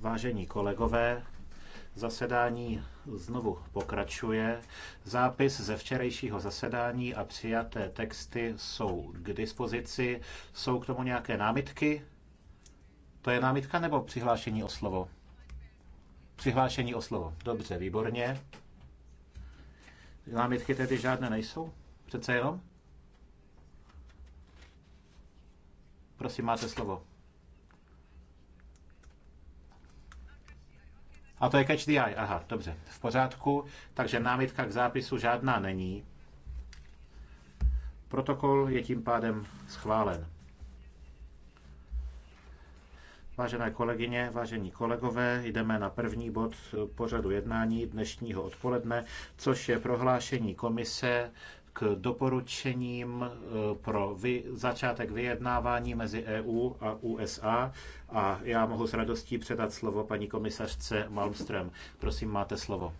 vážení kolegové, zasedání znovu pokračuje. Zápis ze včerejšího zasedání a přijaté texty jsou k dispozici. Jsou k tomu nějaké námitky? To je námitka nebo přihlášení o slovo? Přihlášení o slovo. Dobře, výborně. Námitky tedy žádné nejsou? Přece jenom? Prosím, máte slovo. A to je catch the eye, aha, dobře, v pořádku, takže námitka k zápisu žádná není. Protokol je tím pádem schválen. Vážené kolegyně, vážení kolegové, jdeme na první bod pořadu jednání dnešního odpoledne, což je prohlášení komise k doporučením e, pro vy, začátek vyjednávání mezi EU a USA a já mohu s radostí předat slovo paní komisařce Malmström. Prosím, máte slovo.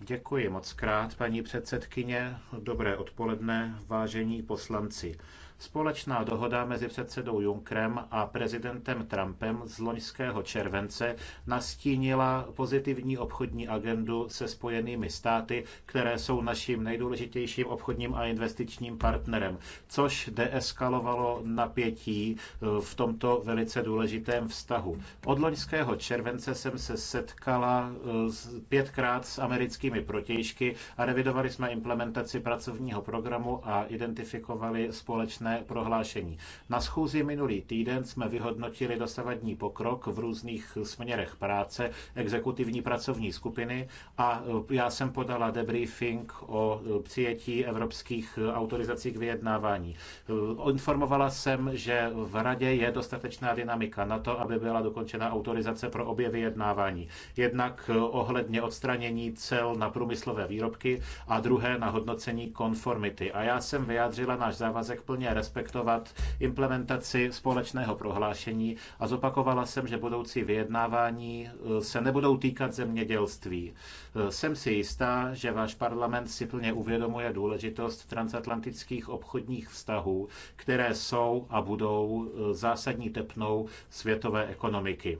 Děkuji moc krát, paní předsedkyně. Dobré odpoledne, vážení poslanci. Společná dohoda mezi předsedou Junckerem a prezidentem Trumpem z loňského července nastínila pozitivní obchodní agendu se spojenými státy, které jsou naším nejdůležitějším obchodním a investičním partnerem, což deeskalovalo napětí eh, v tomto velice důležitém vztahu. Od loňského července jsem se setkala eh, pětkrát s americkými protějšky a revidovali jsme implementaci pracovního programu a identifikovali společné společné prohlášení. Na schůzi minulý týden jsme vyhodnotili dosavadní pokrok v různých směrech práce exekutivní pracovní skupiny a e, já jsem podala debriefing o e, přijetí evropských autorizací k vyjednávání. E, informovala jsem, že v radě je dostatečná dynamika na to, aby byla dokončena autorizace pro obě vyjednávání. Jednak ohledně odstranění cel na průmyslové výrobky a druhé na hodnocení konformity. A já jsem vyjádřila náš závazek plně respektovat implementaci společného prohlášení a zopakovala jsem, že budoucí vyjednávání eh, se nebudou týkat zemědělství. Eh, jsem si jistá, že váš parlament si plně uvědomuje důležitost transatlantických obchodních vztahů, které jsou a budou eh, zásadní tepnou světové ekonomiky.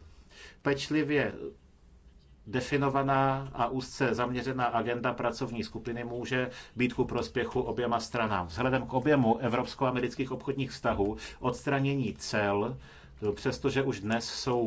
Pečlivě definovaná a úzce zaměřená agenda pracovní skupiny může být ku prospěchu oběma stranám. Vzhledem k objemu evropsko-amerických obchodních vztahů, odstranění cel přestože už dnes jsou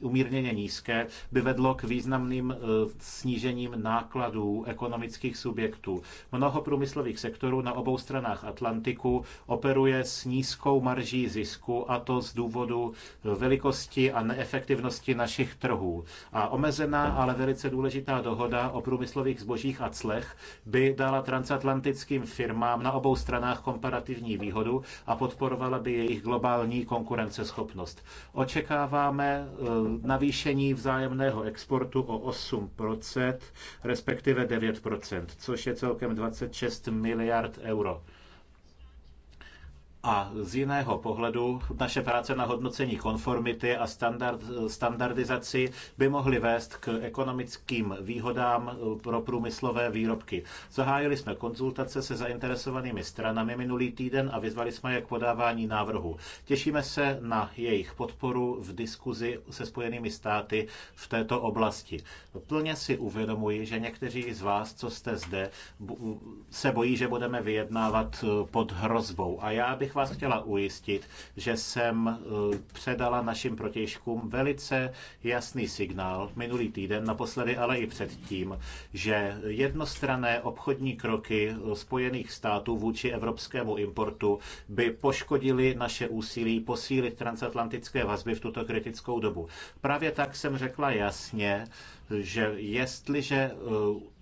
umírněně nízké, by vedlo k významným e, snížením nákladů ekonomických subjektů. Mnoho průmyslových sektorů na obou stranách Atlantiku operuje s nízkou marží zisku, a to z důvodu e, velikosti a neefektivnosti našich trhů. A omezená, ale velice důležitá dohoda o průmyslových zbožích a clech by dala transatlantickým firmám na obou stranách komparativní výhodu a podporovala by jejich globální konkurenceschopnost transparentnost. Očekáváme eh, navýšení vzájemného exportu o 8%, respektive 9%, což je celkem 26 miliard euro. A z jiného pohledu naše práce na hodnocení konformity a standard, standardizaci by mohly vést k ekonomickým výhodám eh, pro průmyslové výrobky. Zahájili jsme konzultace se zainteresovanými stranami minulý týden a vyzvali jsme je k podávání návrhu. Těšíme se na jejich podporu v diskuzi se Spojenými státy v této oblasti. Plně si uvědomuji, že někteří z vás, co jste zde, se bojí, že budeme vyjednávat eh, pod hrozbou. A já bych bych vás chtěla ujistit, že jsem eh, předala našim protějškům velice jasný signál minulý týden, naposledy ale i předtím, že jednostrané obchodní kroky eh, Spojených států vůči evropskému importu by poškodili naše úsilí posílit transatlantické vazby v tuto kritickou dobu. Právě tak jsem řekla jasně, že jestliže eh,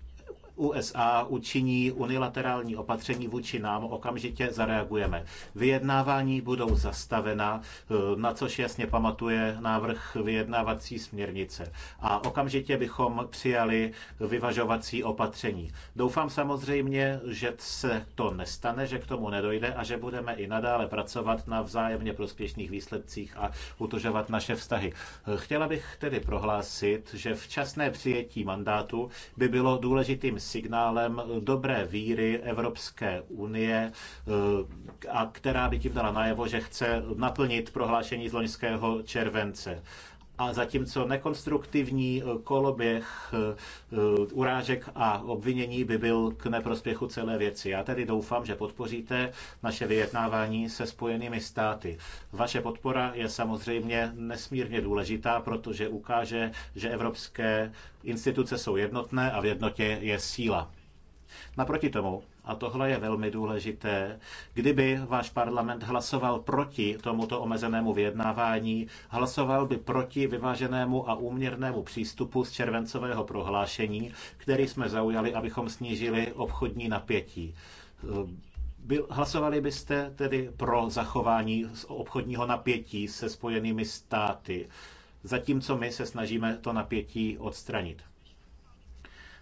USA učiní unilaterální opatření vůči nám, okamžitě zareagujeme. Vyjednávání budou zastavena, eh, na což jasně pamatuje návrh vyjednávací směrnice. A okamžitě bychom přijali vyvažovací opatření. Doufám samozřejmě, že se to nestane, že k tomu nedojde a že budeme i nadále pracovat na vzájemně prospěšných výsledcích a utužovat naše vztahy. Eh, chtěla bych tedy prohlásit, že včasné přijetí mandátu by bylo důležitým signálem dobré víry Evropské unie, eh, a která by tím dala najevo, že chce naplnit prohlášení z loňského července. A zatímco nekonstruktivní eh, koloběh eh, urážek a obvinění by byl k neprospěchu celé věci. Já tedy doufám, že podpoříte naše vyjednávání se spojenými státy. Vaše podpora je samozřejmě nesmírně důležitá, protože ukáže, že evropské instituce jsou jednotné a v jednotě je síla. Naproti tomu a tohle je velmi důležité, kdyby váš parlament hlasoval proti tomuto omezenému vyjednávání, hlasoval by proti vyváženému a úměrnému přístupu z červencového prohlášení, který jsme zaujali, abychom snížili obchodní napětí. Byl, hlasovali byste tedy pro zachování obchodního napětí se spojenými státy, zatímco my se snažíme to napětí odstranit.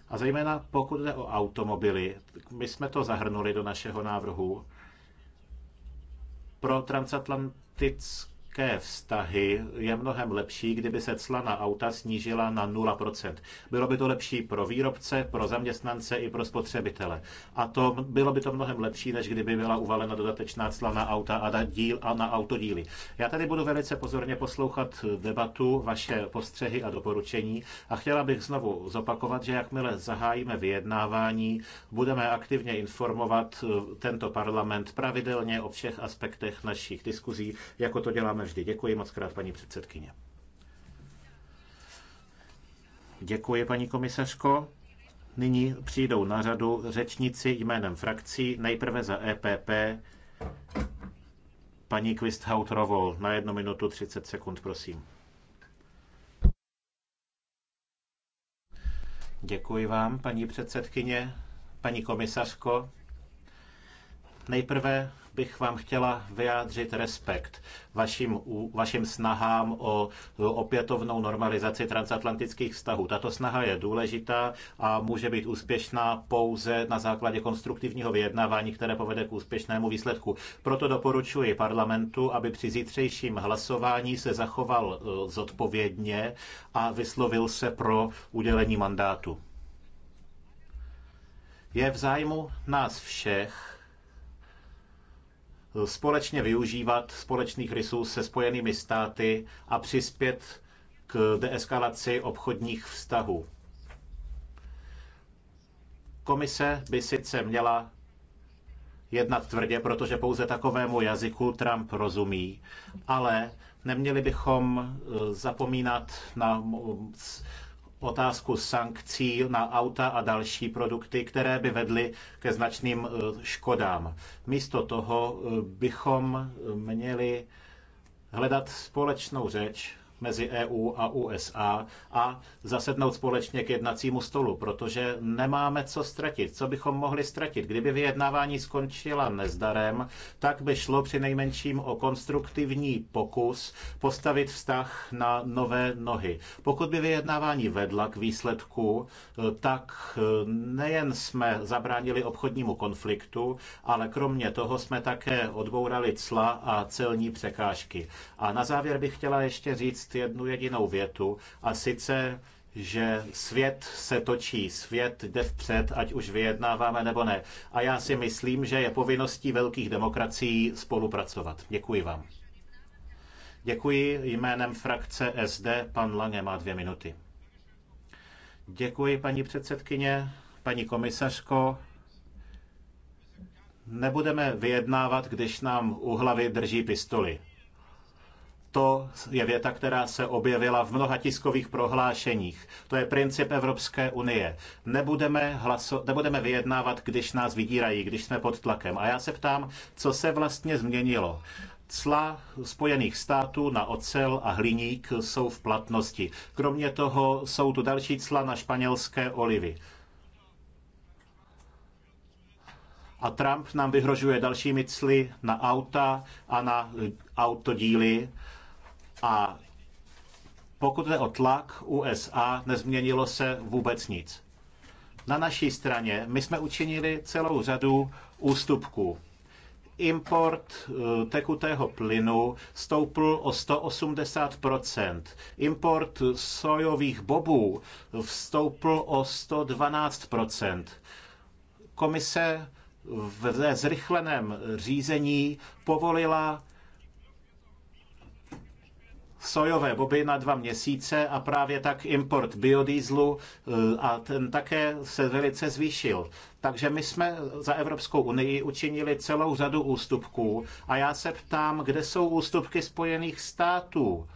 A zejména pokud jde o automobily, my jsme to zahrnuli do našeho návrhu pro transatlantické lidské vztahy je mnohem lepší, kdyby se cla na auta snížila na 0%. Bylo by to lepší pro výrobce, pro zaměstnance i pro spotřebitele. A to bylo by to mnohem lepší, než kdyby byla uvalena dodatečná cla na auta a na, díl, a na autodíly. Já tady budu velice pozorně poslouchat debatu, vaše postřehy a doporučení a chtěla bych znovu zopakovat, že jakmile zahájíme vyjednávání, budeme aktivně informovat eh, tento parlament pravidelně o všech aspektech našich diskuzí, jako to děláme vraždy. Děkuji moc krát, paní předsedkyně. Děkuji, paní komisařko. Nyní přijdou na řadu řečníci jménem frakcí, nejprve za EPP, paní Quisthout Rovol. Na jednu minutu 30 sekund, prosím. Děkuji vám, paní předsedkyně, paní komisařko. Nejprve bych vám chtěla vyjádřit respekt vašim, vašim snahám o opětovnou normalizaci transatlantických vztahů. Tato snaha je důležitá a může být úspěšná pouze na základě konstruktivního vyjednávání, které povede k úspěšnému výsledku. Proto doporučuji parlamentu, aby při zítřejším hlasování se zachoval e, zodpovědně a vyslovil se pro udělení mandátu. Je v zájmu nás všech, společně využívat společných rysů se spojenými státy a přispět k deeskalaci obchodních vztahů. Komise by sice měla jednat tvrdě, protože pouze takovému jazyku Trump rozumí, ale neměli bychom eh, zapomínat na otázku sankcí na auta a další produkty, které by vedly ke značným eh, škodám. Místo toho eh, bychom měli hledat společnou řeč mezi EU a USA a zasednout společně k jednacímu stolu, protože nemáme co ztratit. Co bychom mohli ztratit? Kdyby vyjednávání skončila nezdarem, tak by šlo při nejmenším o konstruktivní pokus postavit vztah na nové nohy. Pokud by vyjednávání vedla k výsledku, tak nejen jsme zabránili obchodnímu konfliktu, ale kromě toho jsme také odbourali cla a celní překážky. A na závěr bych chtěla ještě říct, říct jednu jedinou větu, a sice, že svět se točí, svět jde vpřed, ať už vyjednáváme nebo ne. A já si myslím, že je povinností velkých demokracií spolupracovat. Děkuji vám. Děkuji jménem frakce SD. Pan Lange má dvě minuty. Děkuji, paní předsedkyně, paní komisařko. Nebudeme vyjednávat, když nám u hlavy drží pistoli. To je věta, která se objevila v mnoha tiskových prohlášeních. To je princip Evropské unie. Nebudeme, hlaso- nebudeme vyjednávat, když nás vydírají, když jsme pod tlakem. A já se ptám, co se vlastně změnilo cla Spojených států na ocel a hliník jsou v platnosti. Kromě toho jsou tu další cla na španělské olivy. A Trump nám vyhrožuje dalšími cly na auta a na autodíly. A pokud jde o tlak USA, nezměnilo se vůbec nic. Na naší straně my jsme učinili celou řadu ústupků. Import eh, tekutého plynu stoupl o 180 Import sojových bobů vstoupl o 112 Komise ve zrychleném řízení povolila sojové boby na dva měsíce a právě tak import biodýzlu eh, a ten také se velice zvýšil. Takže my jsme za Evropskou unii učinili celou řadu ústupků a já se ptám, kde jsou ústupky Spojených států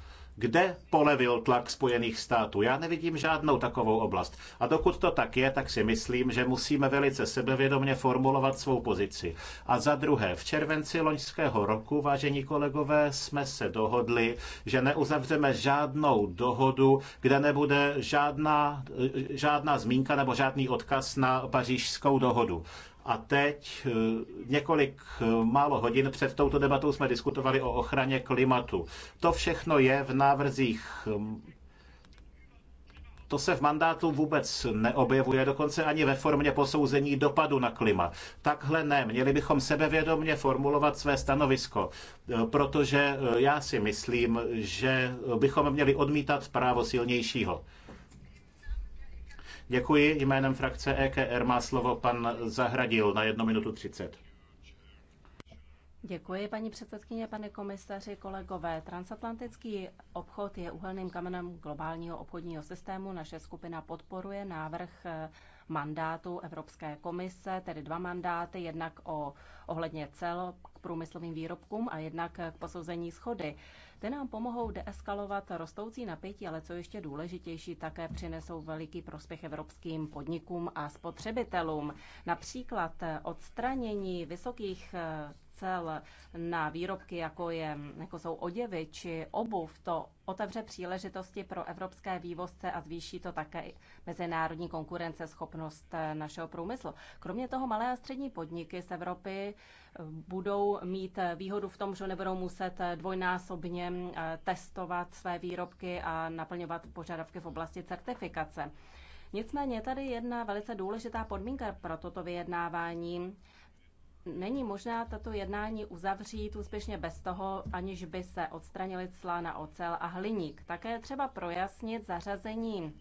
kde polevil tlak Spojených států? Já nevidím žádnou takovou oblast. A dokud to tak je, tak si myslím, že musíme velice sebevědomně formulovat svou pozici. A za druhé, v červenci loňského roku, vážení kolegové, jsme se dohodli, že neuzavřeme žádnou dohodu, kde nebude žádná, žádná zmínka nebo žádný odkaz na pařížskou dohodu. A teď eh, několik eh, málo hodin před touto debatou jsme diskutovali o ochraně klimatu. To všechno je v návrzích ehm, to se v mandátu vůbec neobjevuje, dokonce ani ve formě posouzení dopadu na klima. Takhle ne, měli bychom sebevědomně formulovat své stanovisko, eh, protože já si myslím, že bychom měli odmítat právo silnějšího. Děkuji. Jménem frakce EKR má slovo pan Zahradil na 1 minutu 30. Děkuji, paní předsedkyně, pane komisaři, kolegové. Transatlantický obchod je uhelným kamenem globálního obchodního systému. Naše skupina podporuje návrh eh, mandátu Evropské komise, tedy dva mandáty, jednak o, ohledně cel k průmyslovým výrobkům a jednak k posouzení schody. Ty nám pomohou deeskalovat rostoucí napětí, ale co ještě důležitější, také přinesou veliký prospěch evropským podnikům a spotřebitelům. Například odstranění vysokých eh, cel na výrobky, jako, je, jako jsou oděvy či obuv, to otevře příležitosti pro evropské vývozce a zvýší to také mezinárodní konkurenceschopnost eh, našeho průmyslu. Kromě toho malé a střední podniky z Evropy eh, budou mít výhodu v tom, že nebudou muset dvojnásobně Eh, testovat své výrobky a naplňovat požadavky v oblasti certifikace. Nicméně je tady jedna velice důležitá podmínka pro toto vyjednávání. Není možná tato jednání uzavřít úspěšně bez toho, aniž by se odstranili cla na ocel a hliník. Také třeba projasnit zařazení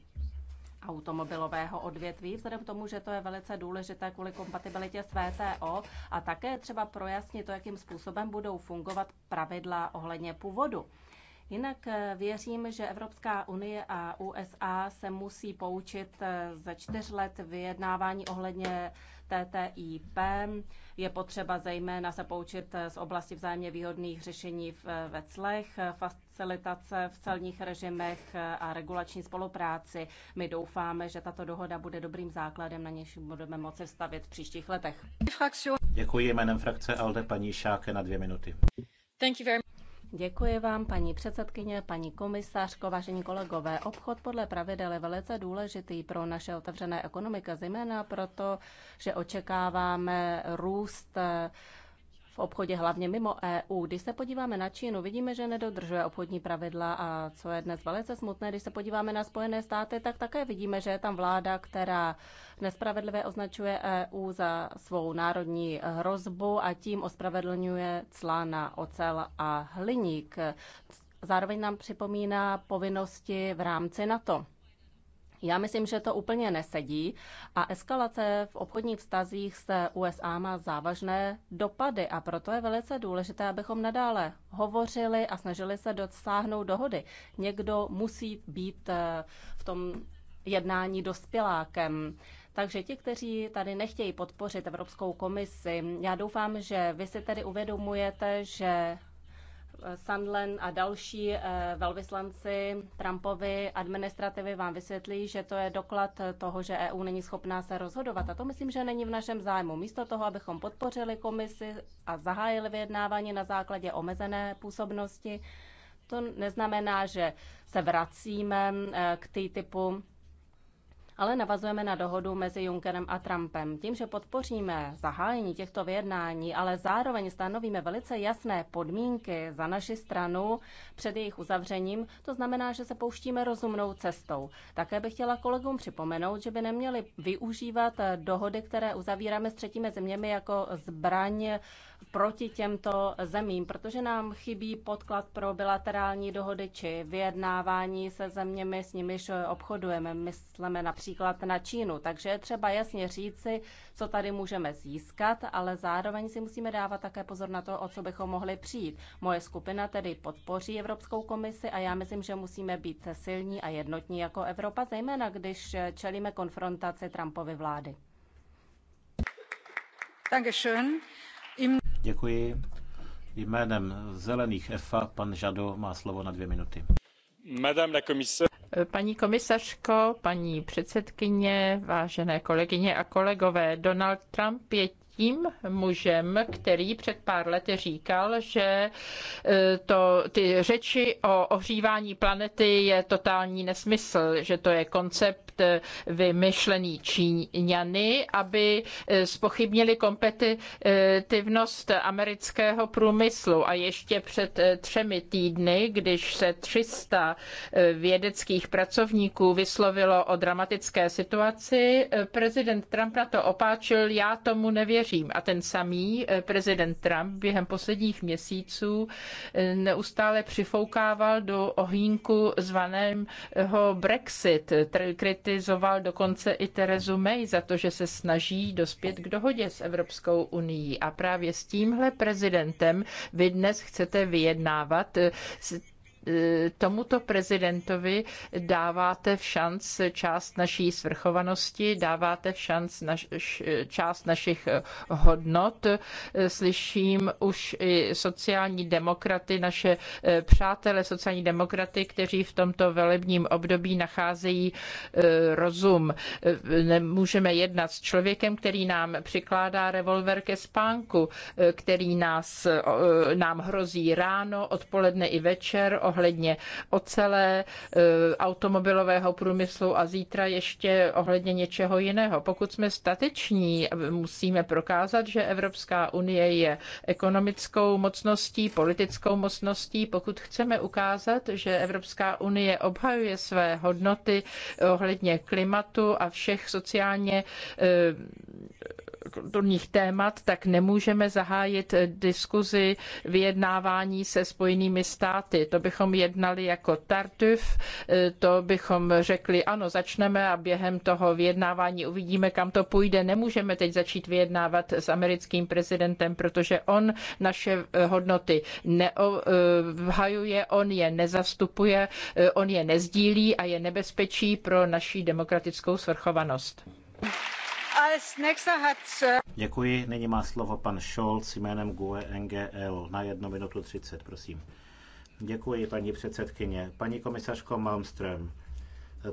automobilového odvětví, vzhledem k tomu, že to je velice důležité kvůli kompatibilitě s VTO a také třeba projasnit to, jakým způsobem budou fungovat pravidla ohledně původu. Jinak eh, věřím, že Evropská unie a USA se musí poučit eh, ze čtyř let vyjednávání ohledně TTIP je potřeba zejména se poučit z oblasti vzájemně výhodných řešení ve clech, facilitace v celních režimech a regulační spolupráci. My doufáme, že tato dohoda bude dobrým základem, na něž budeme moci vstavit v příštích letech. Děkuji jménem frakce ALDE paní Šáke na dvě minuty. Thank you very much. Děkuji vám, paní předsedkyně, paní komisářko, vážení kolegové. Obchod podle pravidel je velice důležitý pro naše otevřené ekonomika, zejména proto, že očekáváme růst obchodě, hlavně mimo EU. Když se podíváme na Čínu, vidíme, že nedodržuje obchodní pravidla a co je dnes velice smutné, když se podíváme na Spojené státy, tak také vidíme, že je tam vláda, která nespravedlivě označuje EU za svou národní hrozbu a tím ospravedlňuje cla na ocel a hliník. Zároveň nám připomíná povinnosti v rámci NATO. Já myslím, že to úplně nesedí a eskalace v obchodních vztazích se USA má závažné dopady a proto je velice důležité, abychom nadále hovořili a snažili se dosáhnout dohody. Někdo musí být eh, v tom jednání dospělákem. Takže ti, kteří tady nechtějí podpořit Evropskou komisi, já doufám, že vy si tedy uvědomujete, že Sandlen a další eh, velvyslanci Trumpovy administrativy vám vysvětlí, že to je doklad toho, že EU není schopná se rozhodovat. A to myslím, že není v našem zájmu. Místo toho, abychom podpořili komisi a zahájili vyjednávání na základě omezené působnosti, to neznamená, že se vracíme eh, k té typu ale navazujeme na dohodu mezi Junckerem a Trumpem. Tím, že podpoříme zahájení těchto vyjednání, ale zároveň stanovíme velice jasné podmínky za naši stranu před jejich uzavřením, to znamená, že se pouštíme rozumnou cestou. Také bych chtěla kolegům připomenout, že by neměli využívat dohody, které uzavíráme s třetími zeměmi jako zbraň proti těmto zemím, protože nám chybí podklad pro bilaterální dohody či vyjednávání se zeměmi, s nimiž obchodujeme. Myslíme například na Čínu, takže je třeba jasně říci, co tady můžeme získat, ale zároveň si musíme dávat také pozor na to, o co bychom mohli přijít. Moje skupina tedy podpoří Evropskou komisi a já myslím, že musíme být silní a jednotní jako Evropa, zejména když čelíme konfrontaci Trumpovy vlády. Dankeschön. Děkuji. Jménem zelených EFA pan Žado má slovo na dvě minuty. Madame la commissaire. Paní komisařko, paní předsedkyně, vážené kolegyně a kolegové, Donald Trump je tím mužem, který před pár lety říkal, že e, to, ty řeči o ohřívání planety je totální nesmysl, že to je koncept Eh, vymyšlený Číňany, aby spochybnili eh, kompetitivnost amerického průmyslu. A ještě před eh, třemi týdny, když se 300 vědeckých pracovníků vyslovilo o dramatické situaci, prezident Trump na to opáčil, já tomu nevěřím. A ten samý prezident Trump během posledních měsíců neustále přifoukával do ohýnku zvaného Brexit, kritizoval dokonce i Terezu May za to, že se snaží dospět k dohodě s Evropskou unii. A právě s tímhle prezidentem vy dnes chcete vyjednávat E, tomuto prezidentovi dáváte v šanc část naší svrchovanosti, dáváte v šanc naš, část našich hodnot. E, slyším už i sociální demokraty, naše e, přátelé sociální demokraty, kteří v tomto velebním období nacházejí rozum. Nemůžeme jednat s člověkem, který nám přikládá revolver ke spánku, který nás, nám hrozí ráno, odpoledne i večer, ohledně ocele, eh, automobilového průmyslu a zítra ještě ohledně něčeho jiného. Pokud jsme stateční, musíme prokázat, že Evropská unie je ekonomickou mocností, politickou mocností. Pokud chceme ukázat, že Evropská unie obhajuje své hodnoty ohledně klimatu a všech sociálně eh, kulturních témat, tak nemůžeme zahájit diskuzi vyjednávání se spojenými státy. To bychom jednali jako Tartuf, to bychom řekli, ano, začneme a během toho vyjednávání uvidíme, kam to půjde. Nemůžeme teď začít vyjednávat s americkým prezidentem, protože on naše hodnoty neobhajuje, on je nezastupuje, on je nezdílí a je nebezpečí pro naší demokratickou svrchovanost. Äh, Děkuji, nyní má slovo pan Scholz jménem GUE NGL na 1 minutu 30, prosím. Děkuji, paní předsedkyně. Paní komisařko Malmström,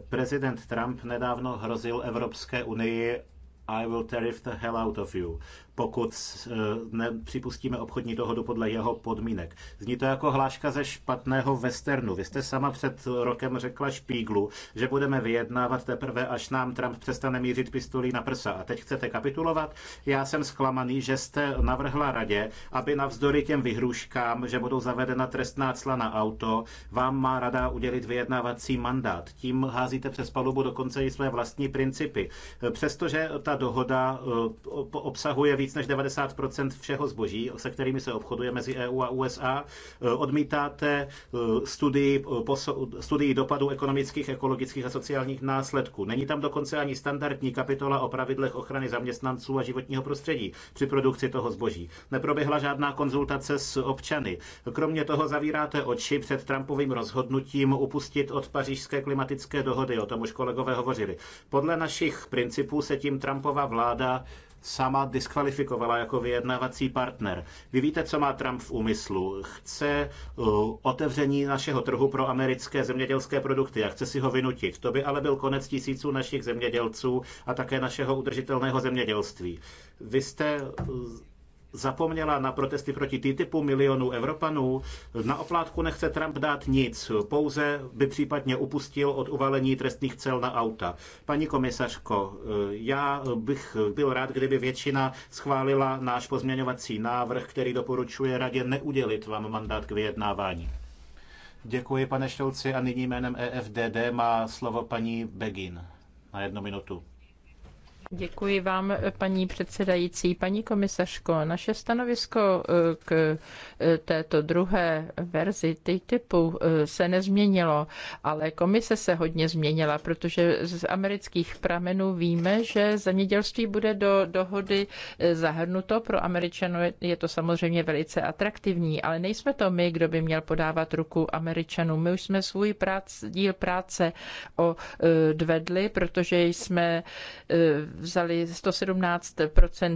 prezident Trump nedávno hrozil Evropské unii I will tariff the hell out of you pokud eh, nepřipustíme obchodní dohodu podle jeho podmínek. Zní to jako hláška ze špatného westernu. Vy jste sama před rokem řekla Špíglu, že budeme vyjednávat teprve, až nám Trump přestane mířit pistolí na prsa. A teď chcete kapitulovat? Já jsem zklamaný, že jste navrhla radě, aby navzdory těm vyhruškám, že budou zavedena trestná cla na auto, vám má rada udělit vyjednávací mandát. Tím házíte přes palubu dokonce i své vlastní principy. Přestože ta dohoda eh, obsahuje víc než 90% všeho zboží, se kterými se obchoduje mezi EU a USA. Eh, odmítáte eh, studii, eh, studii dopadu ekonomických, ekologických a sociálních následků. Není tam dokonce ani standardní kapitola o pravidlech ochrany zaměstnanců a životního prostředí při produkci toho zboží. Neproběhla žádná konzultace s občany. Kromě toho zavíráte oči před Trumpovým rozhodnutím upustit od pařížské klimatické dohody, o tom už kolegové hovořili. Podle našich principů se tím Trumpova vláda sama diskvalifikovala jako vyjednávací partner. Vy víte, co má Trump v úmyslu. Chce uh, otevření našeho trhu pro americké zemědělské produkty a chce si ho vynutit. To by ale byl konec tisíců našich zemědělců a také našeho udržitelného zemědělství. Vy jste uh, zapomněla na protesty proti TTIPu milionů Evropanů. Na oplátku nechce Trump dát nic, pouze by případně upustil od uvalení trestných cel na auta. Paní komisařko, já bych byl rád, kdyby většina schválila náš pozměňovací návrh, který doporučuje radě neudělit vám mandát k vyjednávání. Děkuji, pane Štolci, a nyní jménem EFDD má slovo paní Begin na jednu minutu. Děkuji vám, paní předsedající. Paní komisařko, naše stanovisko eh, k eh, této druhé verzi TTIPu eh, se nezměnilo, ale komise se hodně změnila, protože z amerických pramenů víme, že zemědělství bude do dohody zahrnuto. Pro Američanů je to samozřejmě velice atraktivní, ale nejsme to my, kdo by měl podávat ruku Američanům. My už jsme svůj díl práce odvedli, protože jsme vzali 117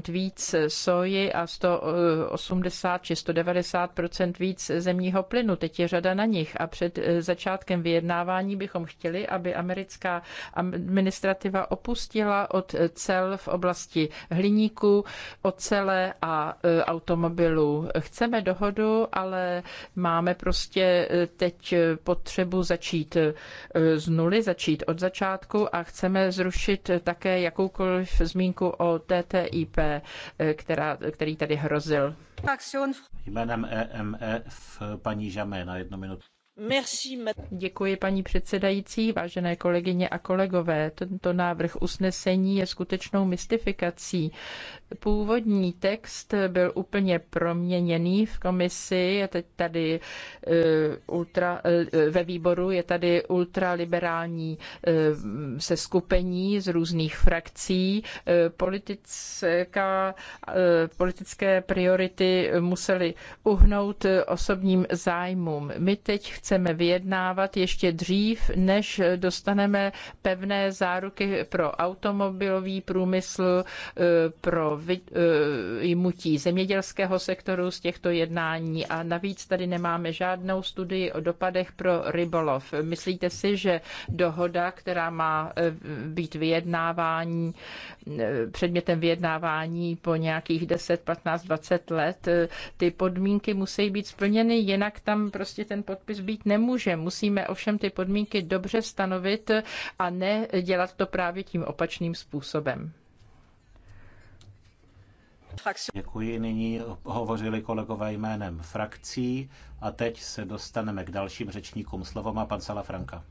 víc soji a 180 či 190 víc zemního plynu. Teď je řada na nich a před eh, začátkem vyjednávání bychom chtěli, aby americká administrativa opustila od cel v oblasti hliníku, ocele a eh, automobilů. Chceme dohodu, ale máme prostě eh, teď potřebu začít z nuly, začít od začátku a chceme zrušit také jakoukoliv jakoukoliv zmínku o TTIP, eh, která, který tady hrozil. Jménem EMF e paní Žamé na jednu minutu. Děkuji, paní předsedající, vážené kolegyně a kolegové. Tento návrh usnesení je skutečnou mystifikací. Původní text byl úplně proměněný v komisi, je teď tady e, ultra, e, ve výboru je tady ultraliberální e, se skupení z různých frakcí. Politická, politické priority musely uhnout osobním zájmům. My teď chceme chceme vyjednávat ještě dřív, než dostaneme pevné záruky pro automobilový průmysl, eh, pro jmutí eh, zemědělského sektoru z těchto jednání. A navíc tady nemáme žádnou studii o dopadech pro rybolov. Myslíte si, že dohoda, která má eh, být vyjednávání, předmětem vyjednávání po nějakých 10, 15, 20 let, ty podmínky musí být splněny, jinak tam prostě ten podpis být být nemůže. Musíme ovšem ty podmínky dobře stanovit a ne dělat to právě tím opačným způsobem. Děkuji. Nyní hovořili kolegové jménem frakcí a teď se dostaneme k dalším řečníkům. Slovo má pan Franka.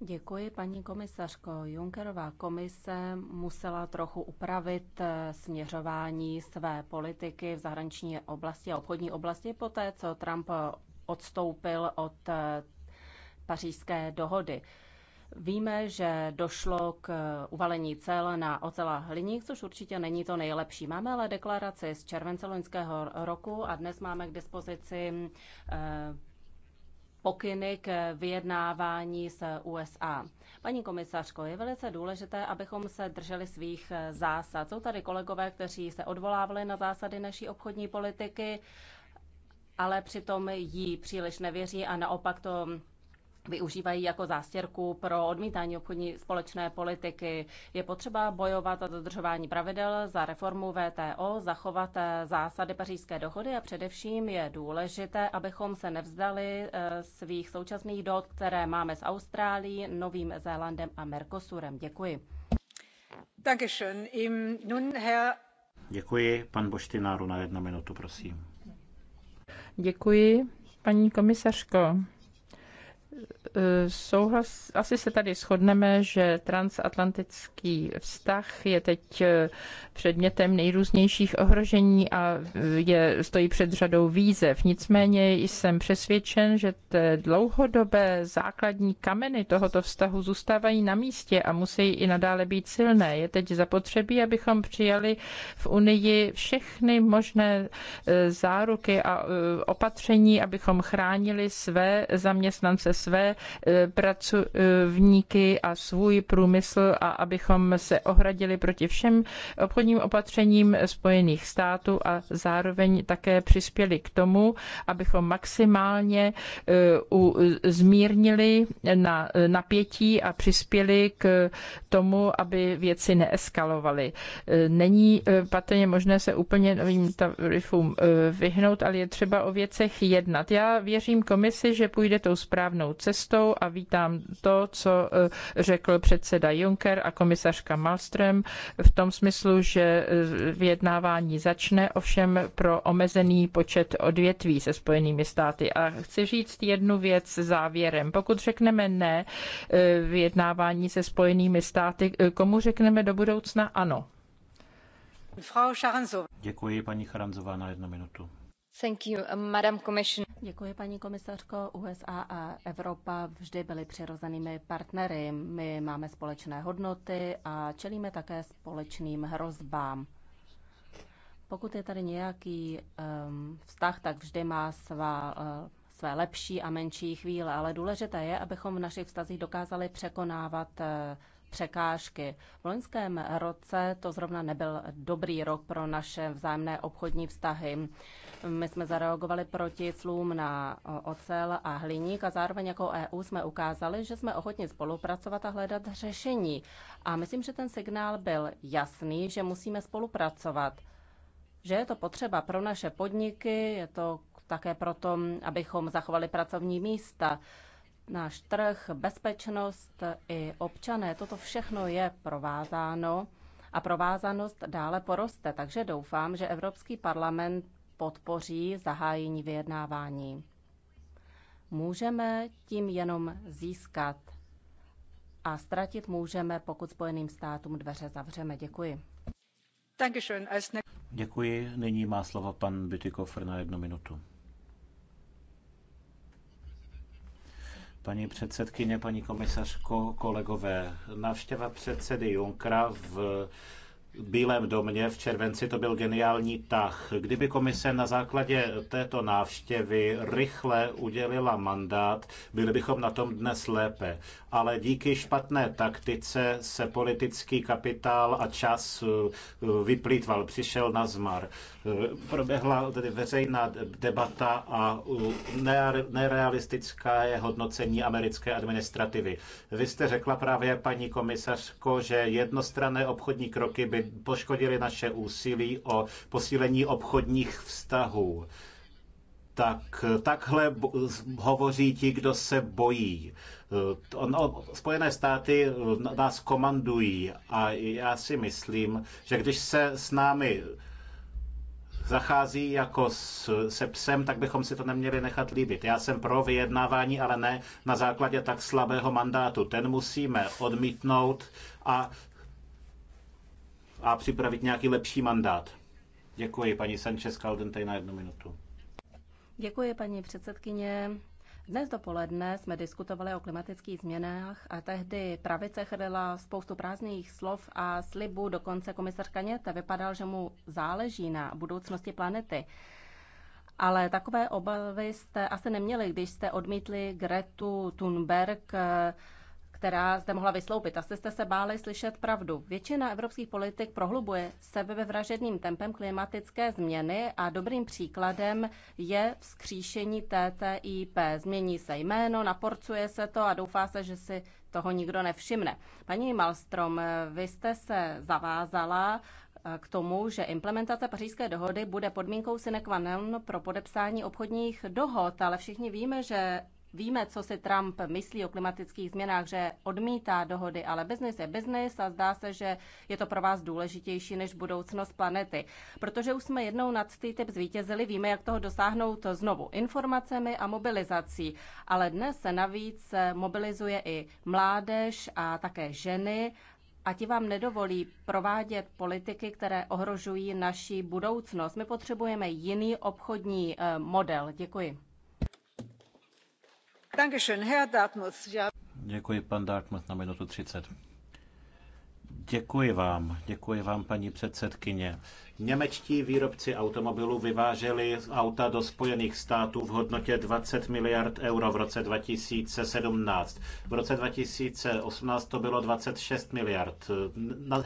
Děkuji, paní komisařko. Junckerová komise musela trochu upravit eh, směřování své politiky v zahraniční oblasti a obchodní oblasti poté, co Trump odstoupil od eh, pařížské dohody. Víme, že došlo k uvalení cel na ocel a hliník, což určitě není to nejlepší. Máme ale deklaraci z července loňského roku a dnes máme k dispozici eh, pokyny k vyjednávání s USA. Paní komisařko, je velice důležité, abychom se drželi svých eh, zásad. Jsou tady kolegové, kteří se odvolávali na zásady naší obchodní politiky ale přitom jí příliš nevěří a naopak to využívají jako zástěrku pro odmítání obchodní společné politiky. Je potřeba bojovat za dodržování pravidel, za reformu VTO, zachovat eh, zásady pařížské dohody a především je důležité, abychom se nevzdali eh, svých současných dot, které máme s Austrálií, Novým Zélandem a Mercosurem. Děkuji. Děkuji. Pan Boštináru na jednu minutu, prosím. Děkuji, paní komisařko souhlas, asi se tady shodneme, že transatlantický vztah je teď eh, předmětem nejrůznějších ohrožení a je, stojí před řadou výzev. Nicméně jsem přesvědčen, že ty dlouhodobé základní kameny tohoto vztahu zůstávají na místě a musí i nadále být silné. Je teď zapotřebí, abychom přijali v Unii všechny možné eh, záruky a eh, opatření, abychom chránili své zaměstnance, své e, pracovníky a svůj průmysl a abychom se ohradili proti všem obchodním opatřením Spojených států a zároveň také přispěli k tomu, abychom maximálně e, zmírnili na napětí a přispěli k tomu, aby věci neeskalovaly. E, není patrně možné se úplně novým tarifům vyhnout, ale je třeba o věcech jednat. Já věřím komisi, že půjde tou správnou cestou a vítám to, co eh, řekl předseda Juncker a komisařka Malmström v tom smyslu, že eh, vyjednávání začne ovšem pro omezený počet odvětví se Spojenými státy. A chci říct jednu věc závěrem. Pokud řekneme ne eh, vyjednávání se Spojenými státy, komu řekneme do budoucna ano? Děkuji, paní Charanzová, na jednu minutu. Děkuji, paní komisařko. USA a Evropa vždy byly přirozenými partnery. My máme společné hodnoty a čelíme také společným hrozbám. Pokud je tady nějaký um, vztah, tak vždy má svá, uh, své lepší a menší chvíle, ale důležité je, abychom v našich vztazích dokázali překonávat uh, překážky. V loňském roce to zrovna nebyl dobrý rok pro naše vzájemné obchodní vztahy. My jsme zareagovali proti clům na ocel a hliník a zároveň jako EU jsme ukázali, že jsme ochotni spolupracovat a hledat řešení. A myslím, že ten signál byl jasný, že musíme spolupracovat že je to potřeba pro naše podniky, je to také proto, abychom zachovali pracovní místa náš trh, bezpečnost i občané. Toto všechno je provázáno a provázanost dále poroste, takže doufám, že Evropský parlament podpoří zahájení vyjednávání. Můžeme tím jenom získat a ztratit můžeme, pokud Spojeným státům dveře zavřeme. Děkuji. Děkuji. Nyní má slovo pan Bytykofr na jednu minutu. Paní předsedkyně, paní komisařko, kolegové, návštěva předsedy Junckera v Bílém domě v červenci to byl geniální tah. Kdyby komise na základě této návštěvy rychle udělila mandát, byli bychom na tom dnes lépe. Ale díky špatné taktice se politický kapitál a čas eh, vyplýtval, přišel na zmar. Eh, proběhla tedy veřejná debata a eh, nerealistická je hodnocení americké administrativy. Vy jste řekla právě, paní komisařko, že jednostranné obchodní kroky by poškodili naše úsilí o posílení obchodních vztahů. Tak takhle hovoří ti, kdo se bojí. No, Spojené státy eh, nás komandují a já si myslím, že když se s námi zachází jako s, se psem, tak bychom si to neměli nechat líbit. Já jsem pro vyjednávání, ale ne na základě tak slabého mandátu. Ten musíme odmítnout a a připravit nějaký lepší mandát. Děkuji, paní Sanchez Caldente, na jednu minutu. Děkuji, paní předsedkyně. Dnes dopoledne jsme diskutovali o klimatických změnách a tehdy pravice chrlila spoustu prázdných slov a slibů. Dokonce komisař Kaněte vypadal, že mu záleží na budoucnosti planety. Ale takové obavy jste asi neměli, když jste odmítli Gretu Thunberg která zde mohla vysloupit. Asi jste se báli slyšet pravdu. Většina evropských politik prohlubuje sebevražedným tempem klimatické změny a dobrým příkladem je vzkříšení TTIP. Změní se jméno, naporcuje se to a doufá se, že si toho nikdo nevšimne. Paní Malstrom, vy jste se zavázala eh, k tomu, že implementace pařížské dohody bude podmínkou sine qua non pro podepsání obchodních dohod, ale všichni víme, že Víme, co si Trump myslí o klimatických změnách, že odmítá dohody, ale biznis je biznis a zdá se, že je to pro vás důležitější než budoucnost planety. Protože už jsme jednou nad TTIP zvítězili, víme, jak toho dosáhnout znovu informacemi a mobilizací. Ale dnes se navíc mobilizuje i mládež a také ženy a ti vám nedovolí provádět politiky, které ohrožují naši budoucnost. My potřebujeme jiný obchodní eh, model. Děkuji. Děkuji, pan Dartmouth, na minutu 30. Děkuji vám, děkuji vám, paní předsedkyně. Němečtí výrobci automobilů vyváželi auta do Spojených států v hodnotě 20 miliard euro v roce 2017. V roce 2018 to bylo 26 miliard.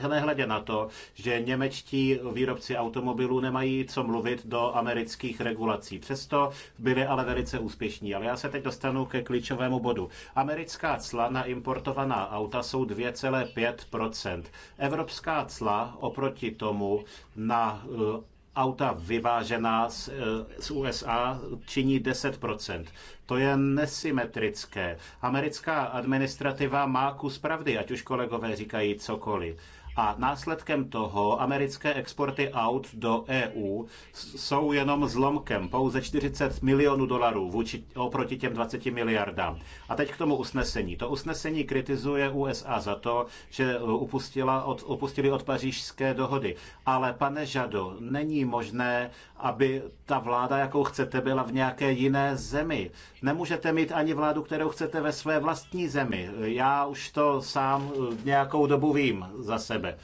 Nehledě na to, že němečtí výrobci automobilů nemají co mluvit do amerických regulací. Přesto byli ale velice úspěšní. Ale já se teď dostanu ke klíčovému bodu. Americká cla na importovaná auta jsou 2,5%. Evropská cla oproti tomu na a eh, auta vyvážená z, eh, z USA činí 10%. To je nesymetrické. Americká administrativa má kus pravdy, ať už kolegové říkají cokoliv. A následkem toho americké exporty aut do EU jsou jenom zlomkem, pouze 40 milionů dolarů vůči, oproti těm 20 miliardám. A teď k tomu usnesení. To usnesení kritizuje USA za to, že uh, upustila od, upustili od pařížské dohody. Ale pane Žado, není možné, aby ta vláda, jakou chcete, byla v nějaké jiné zemi. Nemůžete mít ani vládu, kterou chcete ve své vlastní zemi. Já už to sám eh, nějakou dobu vím za sebe.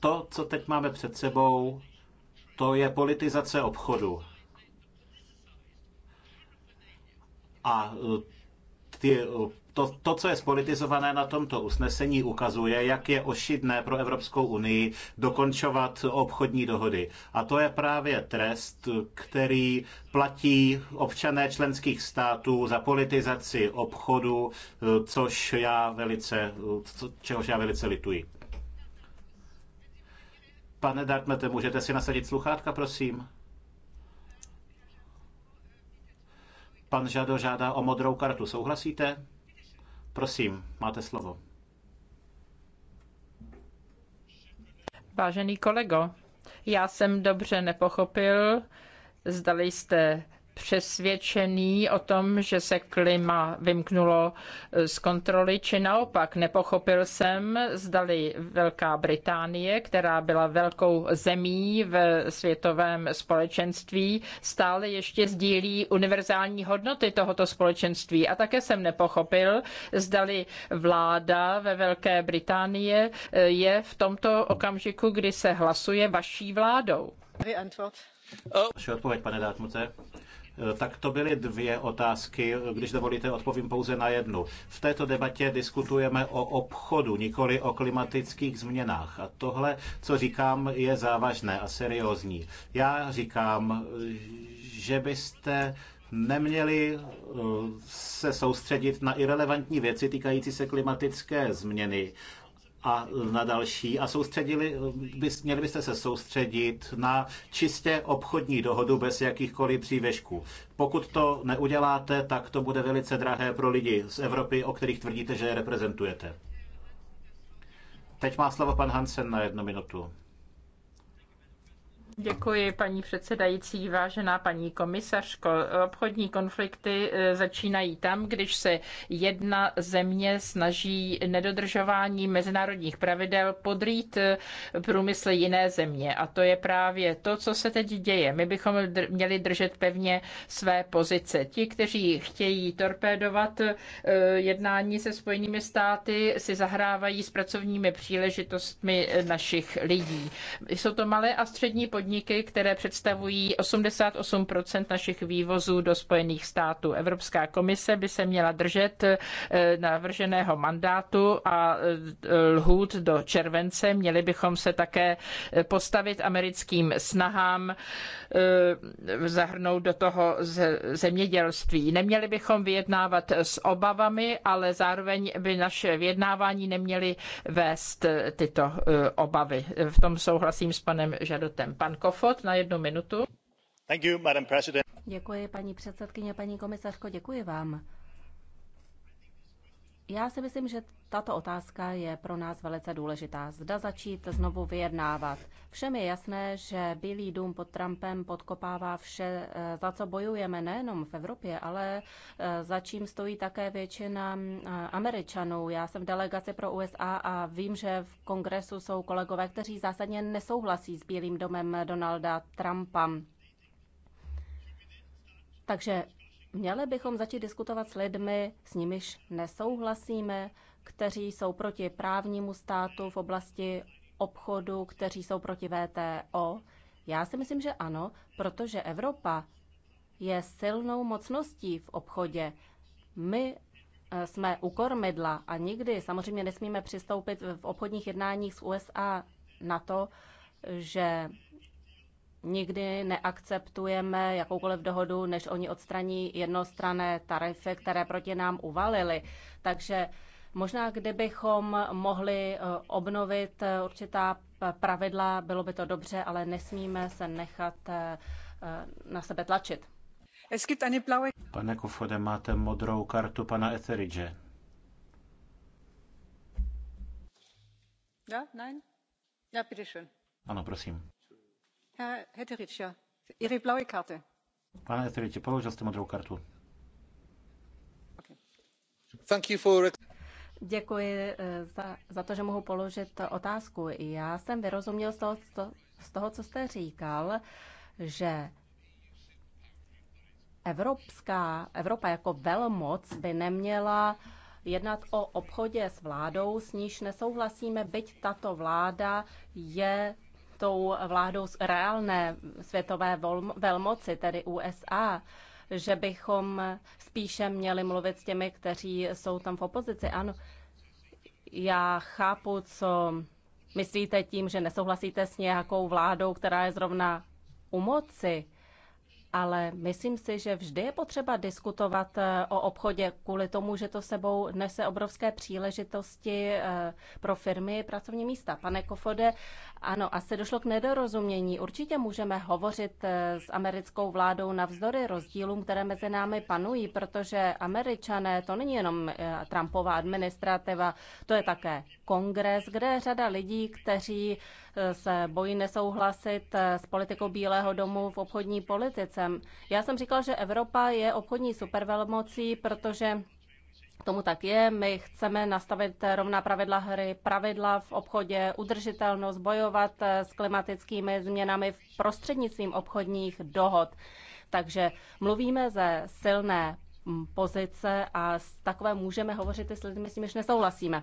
To, co teď máme před sebou, to je politizace obchodu. A eh, ty, to, to, co je spolitizované na tomto usnesení, ukazuje, jak je ošidné pro Evropskou unii dokončovat obchodní dohody. A to je právě trest, který platí občané členských států za politizaci obchodu, což já velice, čehož já velice lituji. Pane Dartmete, můžete si nasadit sluchátka, prosím? Pan Žado žádá o modrou kartu. Souhlasíte? Prosím, máte slovo. Vážený kolego, já jsem dobře nepochopil, zdali jste přesvědčený o tom, že se klima vymknulo eh, z kontroly, či naopak nepochopil jsem, zdali Velká Británie, která byla velkou zemí v světovém společenství, stále ještě sdílí univerzální hodnoty tohoto společenství. A také jsem nepochopil, zdali vláda ve Velké Británie eh, je v tomto okamžiku, kdy se hlasuje vaší vládou. Vaše odpověď, pane Dátmuce. Eh, tak to byly dvě otázky, když dovolíte, odpovím pouze na jednu. V této debatě diskutujeme o obchodu, nikoli o klimatických změnách. A tohle, co říkám, je závažné a seriózní. Já říkám, že byste neměli eh, se soustředit na irrelevantní věci týkající se klimatické změny a na další a soustředili, bys, měli byste se soustředit na čistě obchodní dohodu bez jakýchkoliv přívěžků. Pokud to neuděláte, tak to bude velice drahé pro lidi z Evropy, o kterých tvrdíte, že je reprezentujete. Teď má slovo pan Hansen na jednu minutu. Děkuji, paní předsedající, vážená paní komisařko. Obchodní konflikty e, začínají tam, když se jedna země snaží nedodržování mezinárodních pravidel podrýt e, průmysl jiné země. A to je právě to, co se teď děje. My bychom měli držet pevně své pozice. Ti, kteří chtějí torpédovat e, jednání se Spojenými státy, si zahrávají s pracovními příležitostmi našich lidí. Jsou to malé a střední podniky, podniky, které představují 88 našich vývozů do Spojených států. Evropská komise by se měla držet eh, navrženého mandátu a eh, lhůt do července. Měli bychom se také eh, postavit americkým snahám zahrnout do toho zemědělství. Neměli bychom vyjednávat s obavami, ale zároveň by naše vyjednávání neměly vést tyto obavy. V tom souhlasím s panem Žadotem. Pan Pan Kofot na jednu minutu. Děkuji, paní předsedkyně, paní komisařko, děkuji vám já si myslím, že tato otázka je pro nás velice důležitá. Zda začít znovu vyjednávat. Všem je jasné, že Bílý dům pod Trumpem podkopává vše, eh, za co bojujeme nejenom v Evropě, ale eh, za čím stojí také většina eh, Američanů. Já jsem v delegaci pro USA a vím, že v kongresu jsou kolegové, kteří zásadně nesouhlasí s Bílým domem Donalda Trumpa. Takže Měli bychom začít diskutovat s lidmi, s nimiž nesouhlasíme, kteří jsou proti právnímu státu v oblasti obchodu, kteří jsou proti VTO? Já si myslím, že ano, protože Evropa je silnou mocností v obchodě. My eh, jsme u kormidla a nikdy samozřejmě nesmíme přistoupit v obchodních jednáních s USA na to, že nikdy neakceptujeme jakoukoliv dohodu, než oni odstraní jednostrané tarify, které proti nám uvalili. Takže možná kdybychom mohli eh, obnovit eh, určitá pravidla, bylo by to dobře, ale nesmíme se nechat eh, na sebe tlačit. Pane Kofode, máte modrou kartu pana Etheridge. Ja, nein? Ja, bitteschön. Ano, prosím. Eh, Pane Heteriči, položil jste modrou kartu. Děkuji eh, za, za to, že mohu položit otázku. Já jsem vyrozuměl z toho, z toho co jste říkal, že Evropská, Evropa jako velmoc by neměla jednat o obchodě s vládou, s níž nesouhlasíme, byť tato vláda je tou vládou z reálné světové velmoci, tedy USA, že bychom spíše měli mluvit s těmi, kteří jsou tam v opozici. Ano, já chápu, co myslíte tím, že nesouhlasíte s nějakou vládou, která je zrovna u moci, ale myslím si, že vždy je potřeba diskutovat eh, o obchodě kvůli tomu, že to sebou nese obrovské příležitosti eh, pro firmy pracovní místa. Pane Kofode, ano, asi došlo k nedorozumění. Určitě můžeme hovořit eh, s americkou vládou navzdory rozdílům, které mezi námi panují, protože američané, to není jenom eh, Trumpova administrativa, to je také kongres, kde je řada lidí, kteří eh, se bojí nesouhlasit s politikou Bílého domu v obchodní politice. Já jsem říkal, že Evropa je obchodní supervelmocí, protože tomu tak je. My chceme nastavit rovná pravidla hry, pravidla v obchodě, udržitelnost, bojovat eh, s klimatickými změnami v prostřednictvím obchodních dohod. Takže mluvíme ze silné mm, pozice a takové můžeme hovořit i s lidmi, s nimiž nesouhlasíme.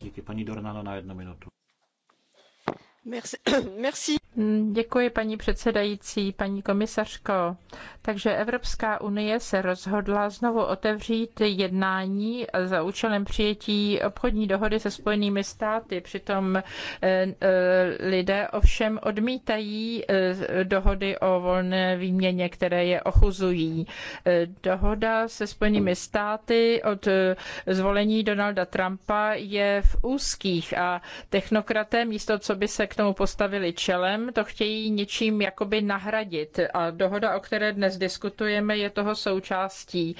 Díky paní Dornano na jednu minutu. Merci. Merci. Děkuji, paní předsedající, paní komisařko. Takže Evropská unie se rozhodla znovu otevřít jednání za účelem přijetí obchodní dohody se Spojenými státy. Přitom eh, eh, lidé ovšem odmítají eh, dohody o volné výměně, které je ochuzují. Dohoda se Spojenými státy od zvolení Donalda Trumpa je v úzkých a technokraté místo, co by se k tomu postavili čelem, všem to chtějí něčím jakoby nahradit a dohoda, o které dnes diskutujeme, je toho součástí.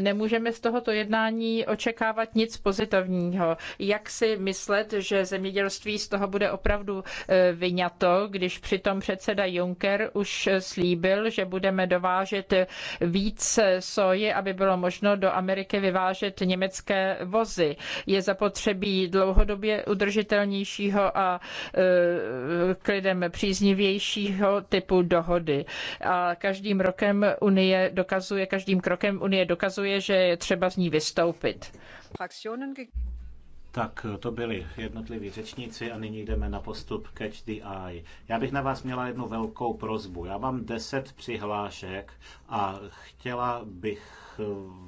Nemůžeme z tohoto jednání očekávat nic pozitivního. Jak si myslet, že zemědělství z toho bude opravdu eh, vyňato, když přitom předseda Juncker už slíbil, že budeme dovážet víc soji, aby bylo možno do Ameriky vyvážet německé vozy. Je zapotřebí dlouhodobě udržitelnějšího a eh, klidem příležitosti příznivějšího typu dohody. A každým rokem Unie dokazuje, každým krokem Unie dokazuje, že je třeba z ní vystoupit. Tak to byli jednotliví řečníci a nyní jdeme na postup Catch the Eye. Já bych na vás měla jednu velkou prozbu. Já mám deset přihlášek a chtěla bych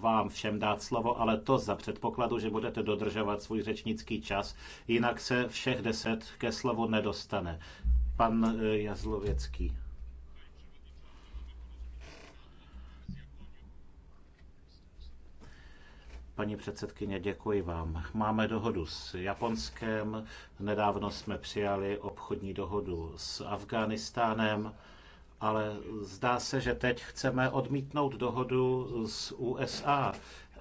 vám všem dát slovo, ale to za předpokladu, že budete dodržovat svůj řečnický čas, jinak se všech deset ke slovu nedostane. Pan eh, Jazlověcký. Paní předsedkyně, děkuji vám. Máme dohodu s Japonskem, nedávno jsme přijali obchodní dohodu s Afghánistánem, ale zdá se, že teď chceme odmítnout dohodu s USA.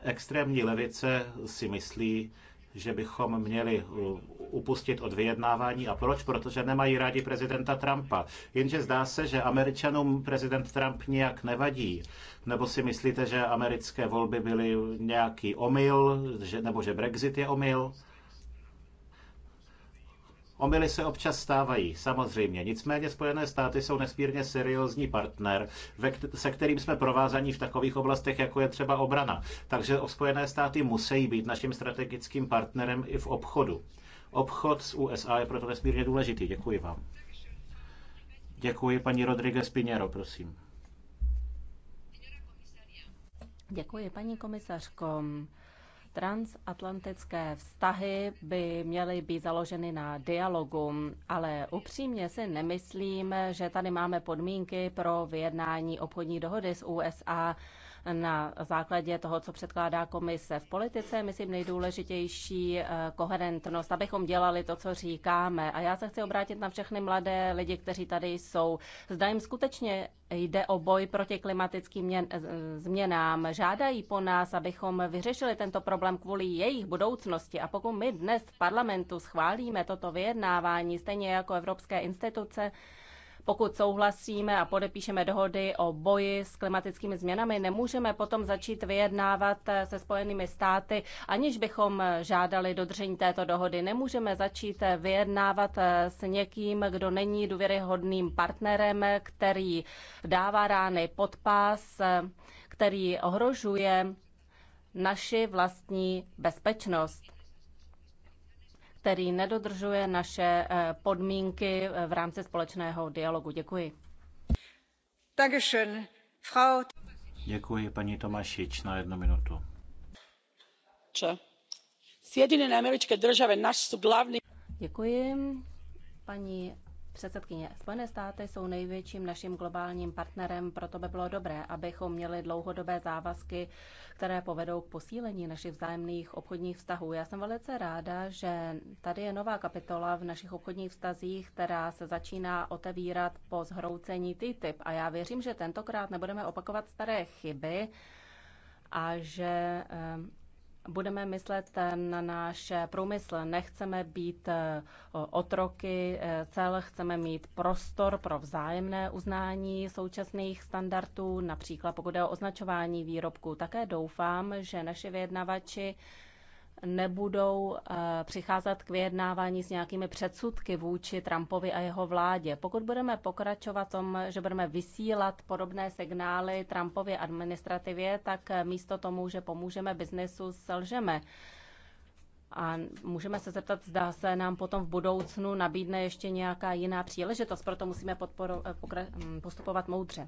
Extrémní levice si myslí, že bychom měli eh, upustit od vyjednávání. A proč? Protože nemají rádi prezidenta Trumpa. Jenže zdá se, že Američanům prezident Trump nějak nevadí. Nebo si myslíte, že americké volby byly nějaký omyl, že, nebo že Brexit je omyl? Omily se občas stávají, samozřejmě. Nicméně Spojené státy jsou nesmírně seriózní partner, se kterým jsme provázaní v takových oblastech, jako je třeba obrana. Takže Spojené státy musí být naším strategickým partnerem i v obchodu. Obchod s USA je proto nesmírně důležitý. Děkuji vám. Děkuji, paní Rodriguez Piněro, prosím. Děkuji, paní komisařko. Transatlantické vztahy by měly být založeny na dialogu, ale upřímně si nemyslím, že tady máme podmínky pro vyjednání obchodní dohody s USA na základě toho, co předkládá komise. V politice myslím, nejdůležitější eh, koherentnost, abychom dělali to, co říkáme. A já se chci obrátit na všechny mladé lidi, kteří tady jsou. Zda jim skutečně jde o boj proti klimatickým eh, změnám. Žádají po nás, abychom vyřešili tento problém kvůli jejich budoucnosti. A pokud my dnes v parlamentu schválíme toto vyjednávání, stejně jako evropské instituce, pokud souhlasíme a podepíšeme dohody o boji s klimatickými změnami, nemůžeme potom začít vyjednávat se Spojenými státy, aniž bychom žádali dodržení této dohody. Nemůžeme začít vyjednávat s někým, kdo není důvěryhodným partnerem, který dává rány pod pás, který ohrožuje naši vlastní bezpečnost který nedodržuje naše eh, podmínky eh, v rámci společného dialogu. Děkuji. Děkuji, paní Tomašič, na jednu minutu. Sjedinjene američke države naš su hlavní. Děkuji, paní předsedkyně. Spojené státy jsou největším naším globálním partnerem, proto by bylo dobré, abychom měli dlouhodobé závazky, které povedou k posílení našich vzájemných obchodních vztahů. Já jsem velice ráda, že tady je nová kapitola v našich obchodních vztazích, která se začíná otevírat po zhroucení TTIP. A já věřím, že tentokrát nebudeme opakovat staré chyby a že eh, budeme myslet eh, na náš eh, průmysl. Nechceme být eh, otroky cel, chceme mít prostor pro vzájemné uznání současných standardů, například pokud je o označování výrobků. Také doufám, že naši vyjednavači nebudou eh, přicházet k vyjednávání s nějakými předsudky vůči Trumpovi a jeho vládě. Pokud budeme pokračovat tom, že budeme vysílat podobné signály Trumpově administrativě, tak eh, místo tomu, že pomůžeme biznesu, selžeme. A můžeme se zeptat, zda se nám potom v budoucnu nabídne ještě nějaká jiná příležitost, proto musíme podporu, eh, pokra, hm, postupovat moudře.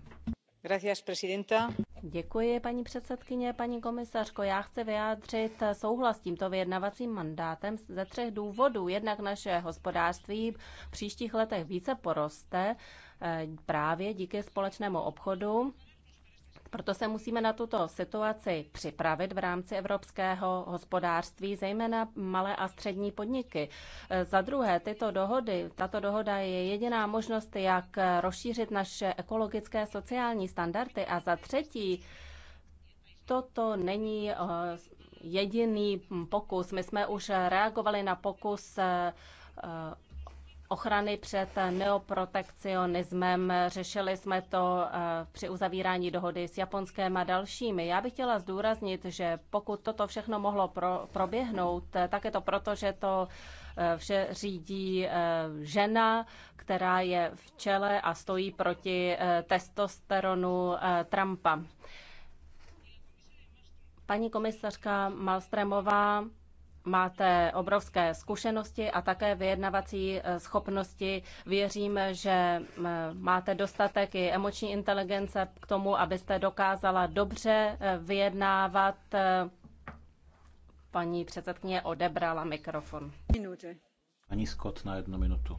Děkuji, paní předsedkyně, paní komisařko. Já chci vyjádřit souhlas s tímto vyjednavacím mandátem ze třech důvodů. Jednak naše hospodářství v příštích letech více poroste eh, právě díky společnému obchodu. Proto se musíme na tuto situaci připravit v rámci evropského hospodářství, zejména malé a střední podniky. Za druhé, tyto dohody, tato dohoda je jediná možnost, jak rozšířit naše ekologické sociální standardy. A za třetí, toto není eh, jediný pokus. My jsme už reagovali na pokus eh, ochrany před neoprotekcionismem. Řešili jsme to eh, při uzavírání dohody s Japonském a dalšími. Já bych chtěla zdůraznit, že pokud toto všechno mohlo pro, proběhnout, eh, tak je to proto, že to eh, vše řídí žena, která je v čele a stojí proti testosteronu Trumpa. Paní komisařka Malstremová máte obrovské zkušenosti a také vyjednavací eh, schopnosti. Věřím, že eh, máte dostatek i emoční inteligence k tomu, abyste dokázala dobře eh, vyjednávat. Paní předsedkyně odebrala mikrofon. Minuty. Ani Scott na jednu minutu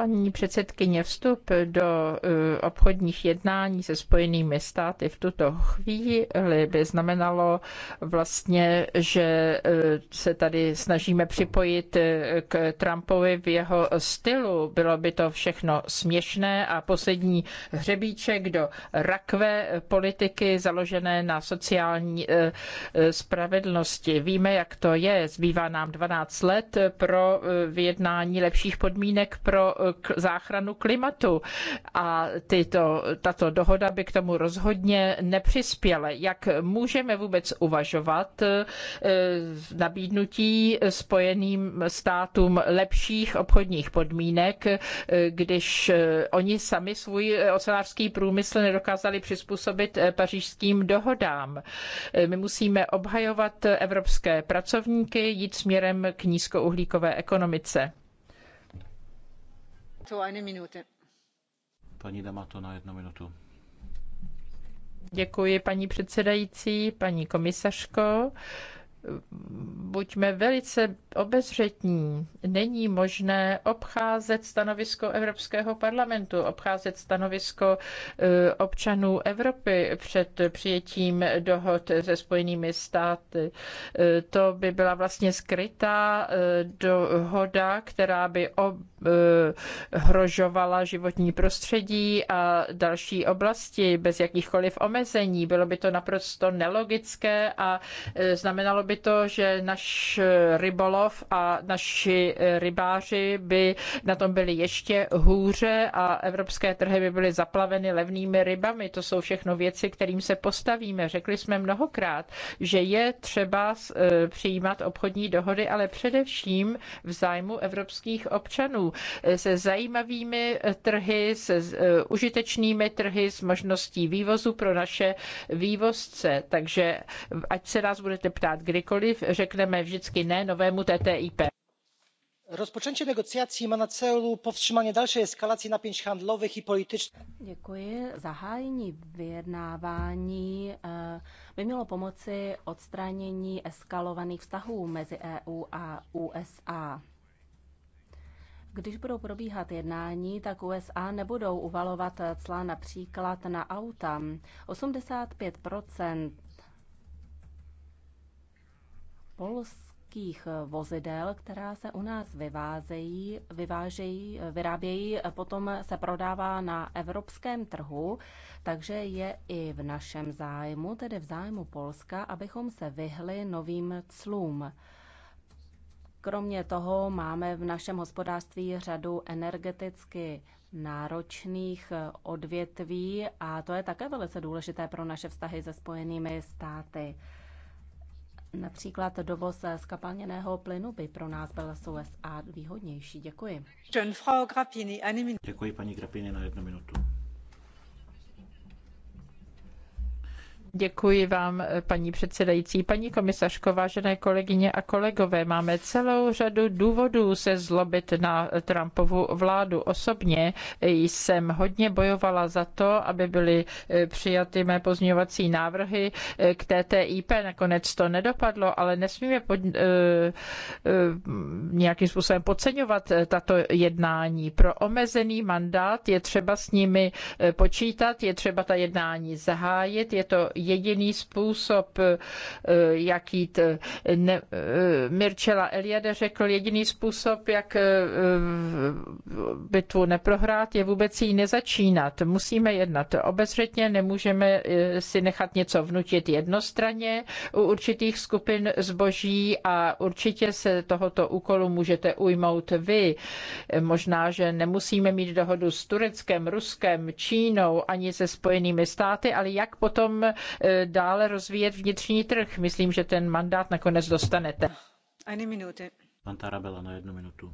paní předsedkyně, vstup do eh, obchodních jednání se Spojenými státy v tuto chvíli by znamenalo vlastně, že eh, se tady snažíme připojit eh, k Trumpovi v jeho stylu. Bylo by to všechno směšné a poslední hřebíček do rakve politiky založené na sociální spravedlnosti. Víme, jak to je. Zbývá nám 12 let pro vyjednání lepších podmínek pro k záchranu klimatu. A tyto, tato dohoda by k tomu rozhodně nepřispěla. Jak můžeme vůbec uvažovat eh, nabídnutí spojeným státům lepších obchodních podmínek, eh, když eh, oni sami svůj ocelářský průmysl nedokázali přizpůsobit pařížským dohodám. My musíme obhajovat evropské pracovníky, jít směrem k nízkouhlíkové ekonomice. Damato, eine Minute. Paní na jednu minutu. Děkuji, paní předsedající, paní komisařko buďme velice obezřetní. Není možné obcházet stanovisko Evropského parlamentu, obcházet stanovisko eh, občanů Evropy před přijetím dohod se Spojenými státy. Eh, to by byla vlastně skrytá eh, dohoda, která by hrožovala životní prostředí a další oblasti bez jakýchkoliv omezení. Bylo by to naprosto nelogické a znamenalo by by to, že naš rybolov a naši rybáři by na tom byli ještě hůře a evropské trhy by byly zaplaveny levnými rybami. To jsou všechno věci, kterým se postavíme. Řekli jsme mnohokrát, že je třeba e, přijímat obchodní dohody, ale především v zájmu evropských občanů e, se zajímavými e, trhy, se užitečnými trhy, s možností vývozu pro naše vývozce. Takže ať se nás budete ptát, kdy kdykoliv řekneme vždycky ne novému TTIP. Rozpoczęcie negocjacji ma na celu powstrzymanie dalszej eskalacji napięć handlowych i politycznych. Děkuji. Zahájení vyjednávání eh, by mělo pomoci odstranění eskalovaných vztahů mezi EU a USA. Když budou probíhat jednání, tak USA nebudou uvalovat cla například na auta. 85 polských vozidel, která se u nás vyvázejí, vyvážejí, vyrábějí, potom se prodává na evropském trhu, takže je i v našem zájmu, tedy v zájmu Polska, abychom se vyhli novým clům. Kromě toho máme v našem hospodářství řadu energeticky náročných odvětví a to je také velice důležité pro naše vztahy se spojenými státy. Například dovoz skapalněného plynu by pro nás byl z USA výhodnější. Děkuji. Děkuji paní Grapini na jednu minutu. Děkuji vám, paní předsedající. Paní komisařko, vážené kolegyně a kolegové, máme celou řadu důvodů se zlobit na Trumpovu vládu. Osobně jsem hodně bojovala za to, aby byly eh, přijaty mé pozměňovací návrhy eh, k TTIP. Nakonec to nedopadlo, ale nesmíme pod, eh, nějakým způsobem podceňovat tato jednání. Pro omezený mandát je třeba s nimi počítat, je třeba ta jednání zahájit, je to jediný způsob, eh, jak jít. Eh, ne, eh, Mirčela Eliade řekl, jediný způsob, jak bitvu neprohrát, je vůbec jí nezačínat. Musíme jednat obezřetně, nemůžeme si nechat něco vnutit jednostranně u určitých skupin zboží a určitě se tohoto úkolu můžete ujmout vy. Možná, že nemusíme mít dohodu s Tureckem, Ruskem, Čínou ani se Spojenými státy, ale jak potom Eh, dále rozvíjet vnitřní trh. Myslím, že ten mandát nakonec dostanete. Ani minuty. Pan Tarabela na jednu minutu.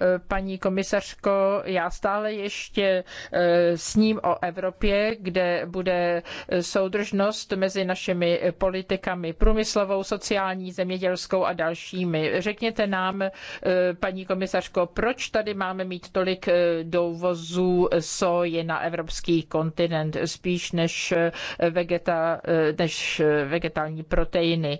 Eh, paní komisařko, já stále ještě eh, sním o Evropě, kde bude eh, soudržnost mezi našimi politikami průmyslovou, sociální, zemědělskou a dalšími. Řekněte nám, paní komisařko, proč tady máme mít tolik dovozů soje na evropský kontinent, spíš než, vegeta, než vegetální proteiny.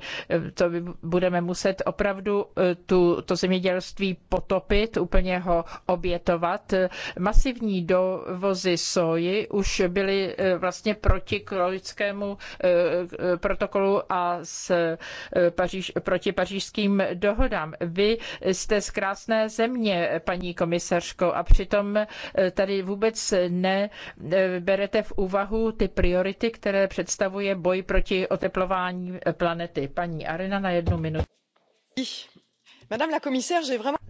To budeme muset opravdu tu, to zemědělství hospodářství potopit, úplně ho obětovat. Masivní dovozy soji už byly eh, vlastně proti krolickému eh, eh, protokolu a s Paříž, proti pařížským dohodám. Vy jste z krásné země, paní komisařko, a přitom tady vůbec neberete v úvahu ty priority, které představuje boj proti oteplování planety. Paní Arena na jednu minutu.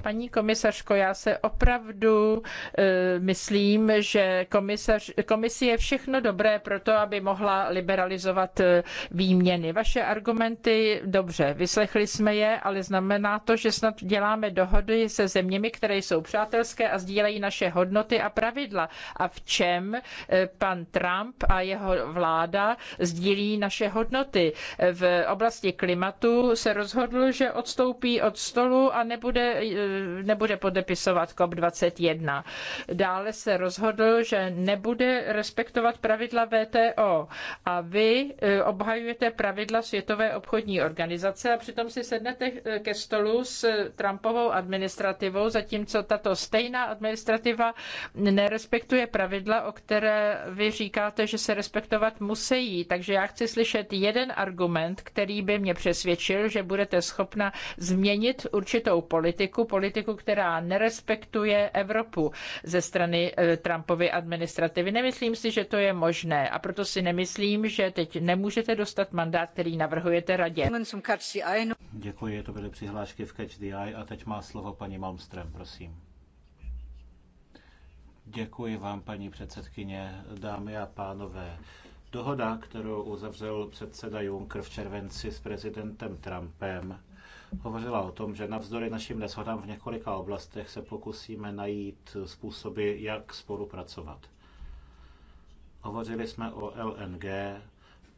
Paní komisařko, já se opravdu eh, myslím, že komisař, komisi je všechno dobré pro to, aby mohla liberalizovat eh, výměny. Vaše argumenty, dobře, vyslechli jsme je, ale znamená to, že snad děláme dohody se zeměmi, které jsou přátelské a sdílejí naše hodnoty a pravidla. A v čem eh, pan Trump a jeho vláda sdílí naše hodnoty? V oblasti klimatu se rozhodl, že odstoupí od stolu Bruselu a nebude, e, nebude podepisovat COP21. Dále se rozhodl, že nebude respektovat pravidla VTO a vy e, obhajujete pravidla Světové obchodní organizace a přitom si sednete e, ke stolu s Trumpovou administrativou, zatímco tato stejná administrativa nerespektuje pravidla, o které vy říkáte, že se respektovat musí. Takže já chci slyšet jeden argument, který by mě přesvědčil, že budete schopna změnit určitou politiku, politiku, která nerespektuje Evropu ze strany eh, Trumpovy administrativy. Nemyslím si, že to je možné a proto si nemyslím, že teď nemůžete dostat mandát, který navrhujete radě. Děkuji, to byly přihlášky v Catch the Eye a teď má slovo paní Malmström, prosím. Děkuji vám, paní předsedkyně, dámy a pánové. Dohoda, kterou uzavřel předseda Juncker v červenci s prezidentem Trumpem, hovořila o tom, že navzdory našim neshodám v několika oblastech se pokusíme najít způsoby, jak spolupracovat. Hovořili jsme o LNG,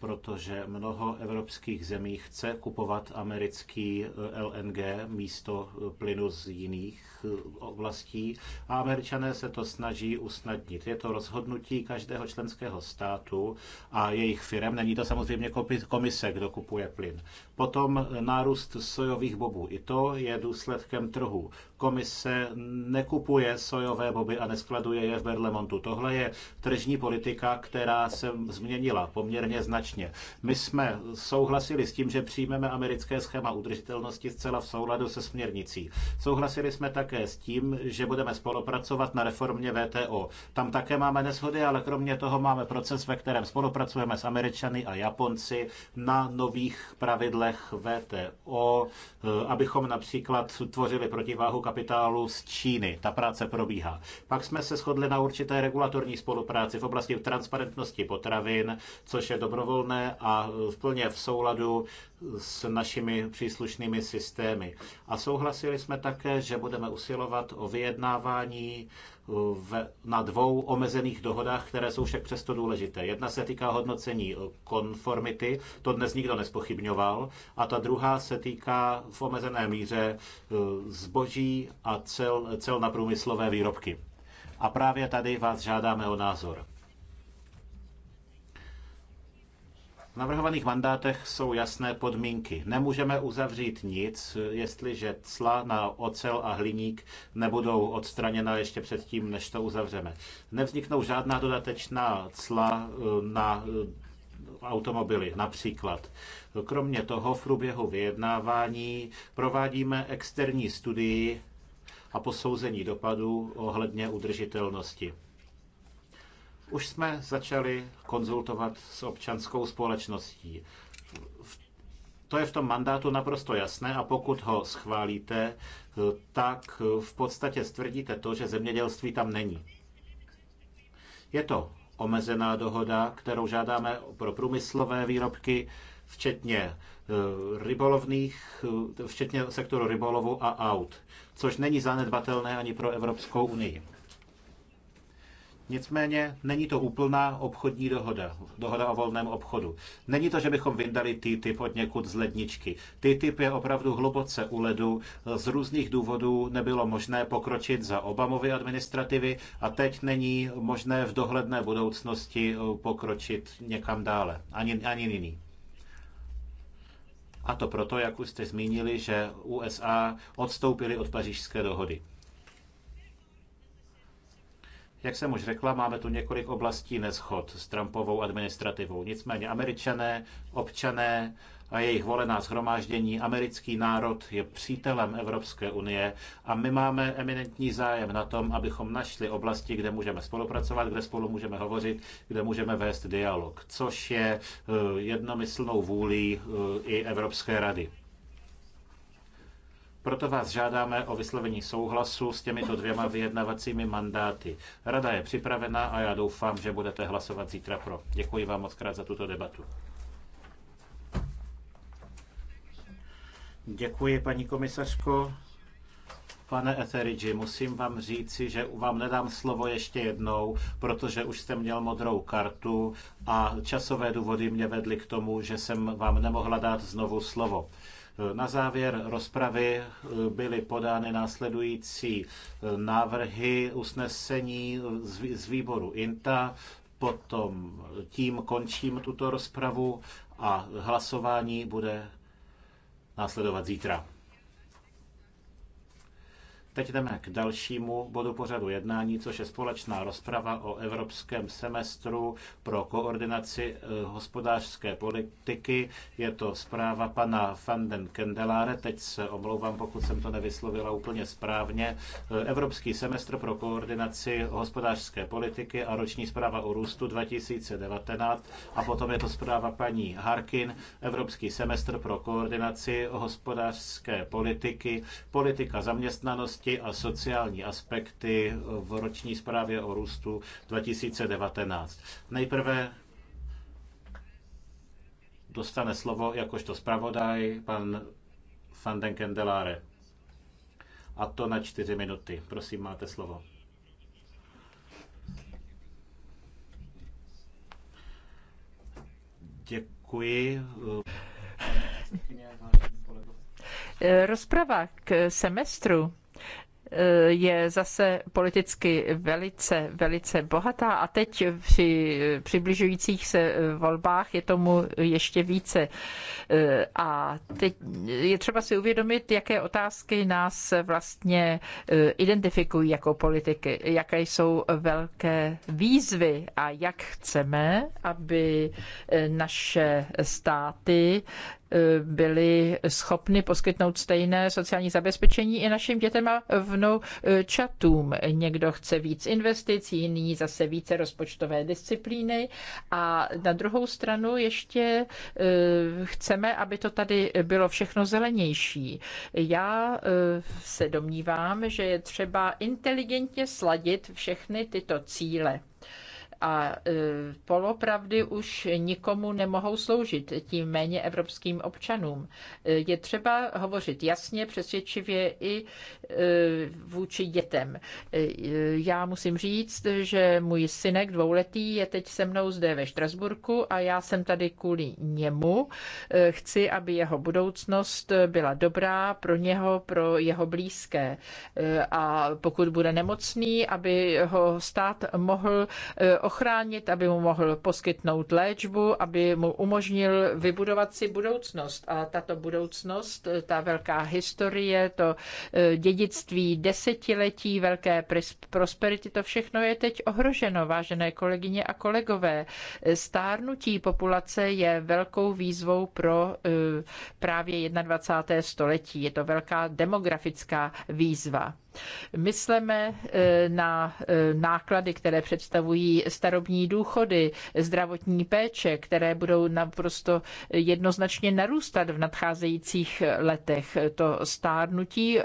protože mnoho evropských zemí chce kupovat americký LNG místo plynu z jiných Eh, oblastí a američané se to snaží usnadnit. Je to rozhodnutí každého členského státu a jejich firm. Není to samozřejmě komise, kdo kupuje plyn. Potom nárůst sojových bobů. I to je důsledkem trhu. Komise nekupuje sojové boby a neskladuje je v Berlemontu. Tohle je tržní politika, která se změnila poměrně značně. My jsme souhlasili s tím, že přijmeme americké schéma udržitelnosti zcela v souladu se směrnicí. Souhlasili jsme tak také s tím, že budeme spolupracovat na reformě VTO. Tam také máme neshody, ale kromě toho máme proces, ve kterém spolupracujeme s Američany a Japonci na nových pravidlech VTO, eh, abychom například tvořili protiváhu kapitálu z Číny. Ta práce probíhá. Pak jsme se shodli na určité regulatorní spolupráci v oblasti transparentnosti potravin, což je dobrovolné a plně v souladu s našimi příslušnými systémy. A souhlasili jsme také, že budeme usilovat o vyjednávání uh, v, na dvou omezených dohodách, které jsou však přesto důležité. Jedna se týká hodnocení uh, konformity, to dnes nikdo nespochybňoval, a ta druhá se týká v omezené míře uh, zboží a cel, cel na průmyslové výrobky. A právě tady vás žádáme o názor. navrhovaných mandátech jsou jasné podmínky. Nemůžeme uzavřít nic, jestliže cla na ocel a hliník nebudou odstraněna ještě předtím, než to uzavřeme. Nevzniknou žádná dodatečná cla eh, na eh, automobily například. Kromě toho v průběhu vyjednávání provádíme externí studii a posouzení dopadů ohledně udržitelnosti. Už jsme začali konzultovat s občanskou společností. To je v tom mandátu naprosto jasné a pokud ho schválíte, tak v podstatě stvrdíte to, že zemědělství tam není. Je to omezená dohoda, kterou žádáme pro průmyslové výrobky, včetně e, rybolovných, e, včetně sektoru rybolovu a aut, což není zanedbatelné ani pro Evropskou unii. Nicméně není to úplná obchodní dohoda, dohoda o volném obchodu. Není to, že bychom vyndali TTIP od někud z ledničky. TTIP je opravdu hluboce u ledu. Z různých důvodů nebylo možné pokročit za Obamovy administrativy a teď není možné v dohledné budoucnosti eh, pokročit někam dále. Ani, ani nyní. A to proto, jak už jste zmínili, že USA odstoupili od pařížské dohody. Jak jsem už řekla, máme tu několik oblastí neschod s Trumpovou administrativou. Nicméně američané, občané a jejich volená shromáždění, americký národ je přítelem Evropské unie a my máme eminentní zájem na tom, abychom našli oblasti, kde můžeme spolupracovat, kde spolu můžeme hovořit, kde můžeme vést dialog, což je eh, jednomyslnou vůlí eh, i Evropské rady. Proto vás žádáme o vyslovení souhlasu s těmito dvěma vyjednavacími mandáty. Rada je připravena a já doufám, že budete hlasovat zítra pro. Děkuji vám moc krát za tuto debatu. Děkuji, paní komisařko. Pane Etheridge, musím vám říci, že vám nedám slovo ještě jednou, protože už jste měl modrou kartu a časové důvody mě vedly k tomu, že jsem vám nemohla dát znovu slovo. Na závěr rozpravy eh, byly podány následující eh, návrhy usnesení z výboru INTA, potom tím končím tuto rozpravu a hlasování bude následovat zítra. Teď jdeme k dalšímu bodu pořadu jednání, což je společná rozprava o evropském semestru pro koordinaci eh, hospodářské politiky. Je to zpráva pana van den Kendeláre. Teď se omlouvám, pokud jsem to nevyslovila úplně správně. Eh, Evropský semestr pro koordinaci hospodářské politiky a roční zpráva o růstu 2019. A potom je to zpráva paní Harkin, Evropský semestr pro koordinaci hospodářské politiky, politika zaměstnanosti zaměstnanosti a sociální aspekty v roční zprávě o růstu 2019. Nejprve dostane slovo jakožto zpravodaj pan Fanden Kendelare. A to na čtyři minuty. Prosím, máte slovo. Děkuji. Rozprava k semestru je zase politicky velice, velice bohatá a teď při přibližujících se volbách je tomu ještě více. A teď je třeba si uvědomit, jaké otázky nás vlastně identifikují jako politiky, jaké jsou velké výzvy a jak chceme, aby naše státy byli schopni poskytnout stejné sociální zabezpečení i našim dětem a vnoučatům. Někdo chce víc investic, jiný zase více rozpočtové disciplíny a na druhou stranu ještě eh, chceme, aby to tady bylo všechno zelenější. Já eh, se domnívám, že je třeba inteligentně sladit všechny tyto cíle a e, polopravdy už nikomu nemohou sloužit, tím méně evropským občanům. E, je třeba hovořit jasně, přesvědčivě i e, vůči dětem. Já musím říct, že můj synek dvouletý je teď se mnou zde ve Štrasburku a já jsem tady kvůli němu. Chci, aby jeho budoucnost byla dobrá pro něho, pro jeho blízké. A pokud bude nemocný, aby ho stát mohl ochránit ochránit, aby mu mohl poskytnout léčbu, aby mu umožnil vybudovat si budoucnost. A tato budoucnost, ta velká historie, to e, dědictví desetiletí, velké prosperity, to všechno je teď ohroženo, vážené kolegyně a kolegové. E, stárnutí populace je velkou výzvou pro e, právě 21. století. Je to velká demografická výzva. Mysleme eh, na eh, náklady, které představují starobní důchody, zdravotní péče, které budou naprosto jednoznačně narůstat v nadcházejících letech. To stárnutí eh,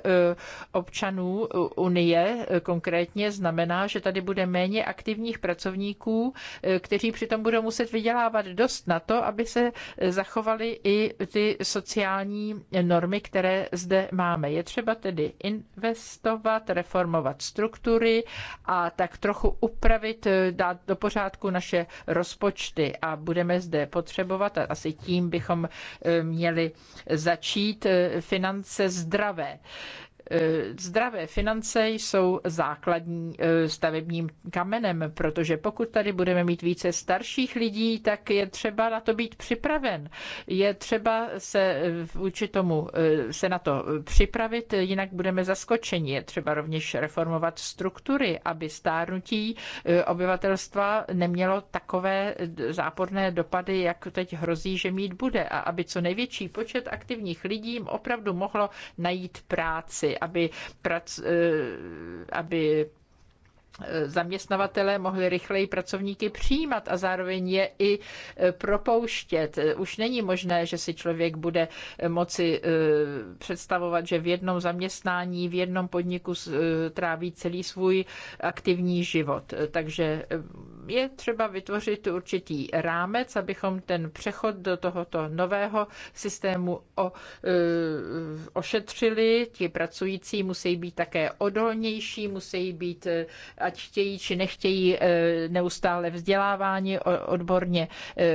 občanů Unie konkrétně znamená, že tady bude méně aktivních pracovníků, kteří přitom budou muset vydělávat dost na to, aby se zachovaly i ty sociální normy, které zde máme. Je třeba tedy investovat reformovat, reformovat struktury a tak trochu upravit, eh, dát do pořádku naše rozpočty a budeme zde potřebovat, a asi tím bychom eh, měli začít, eh, finance zdravé. Eh, zdravé finance jsou základní eh, stavebním kamenem, protože pokud tady budeme mít více starších lidí, tak je třeba na to být připraven. Je třeba se eh, vůči tomu se na to připravit, jinak budeme zaskočeni. Je třeba rovněž reformovat struktury, aby stárnutí obyvatelstva nemělo takové záporné dopady, jak teď hrozí, že mít bude a aby co největší počet aktivních lidí opravdu mohlo najít práci aby, prac, eh, aby eh, zaměstnavatele mohli rychleji pracovníky přijímat a zároveň je i eh, propouštět. Už není možné, že si člověk bude moci představovat, že v jednom zaměstnání, v jednom podniku tráví celý svůj aktivní život. Takže je třeba vytvořit určitý rámec, abychom ten přechod do tohoto nového systému o, e, ošetřili. Ti pracující musí být také odolnější, musí být, e, ať chtějí či nechtějí, e, neustále vzdělávání, odborně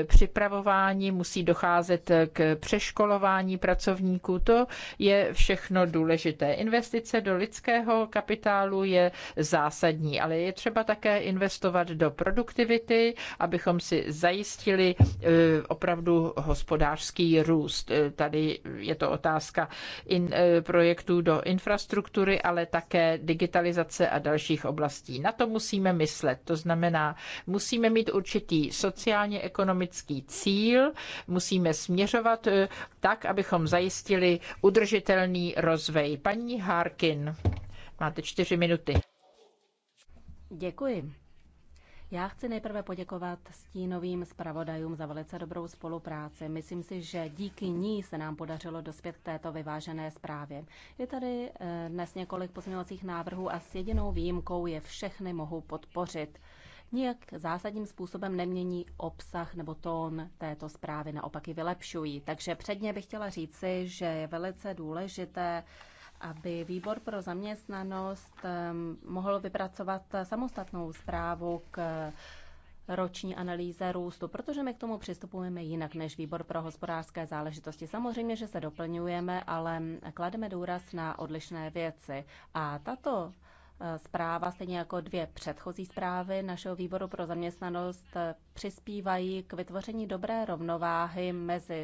připravování, musí docházet k přeškolování pracovníků. To je všechno důležité. Investice do lidského kapitálu je zásadní, ale je třeba také investovat do produkce produktivity, abychom si zajistili eh, opravdu hospodářský růst. Eh, tady je to otázka in, eh, projektů do infrastruktury, ale také digitalizace a dalších oblastí. Na to musíme myslet. To znamená, musíme mít určitý sociálně-ekonomický cíl, musíme směřovat tak, abychom zajistili udržitelný rozvoj. Paní Harkin, máte čtyři minuty. Děkuji. Já chci nejprve poděkovat stínovým zpravodajům za velice dobrou spolupráci. Myslím si, že díky ní se nám podařilo dospět k této vyvážené zprávě. Je tady eh, dnes několik pozměňovacích návrhů a s jedinou výjimkou je všechny mohu podpořit. Nijak zásadním způsobem nemění obsah nebo tón této zprávy, naopak ji vylepšují. Takže předně bych chtěla říci, že je velice důležité aby výbor pro zaměstnanost ehm, mohl vypracovat samostatnou zprávu k roční analýze růstu, protože my k tomu přistupujeme jinak než výbor pro hospodářské záležitosti. Samozřejmě, že se doplňujeme, ale klademe důraz na odlišné věci. A tato eh, zpráva, stejně jako dvě předchozí zprávy našeho výboru pro zaměstnanost, eh, přispívají k vytvoření dobré rovnováhy mezi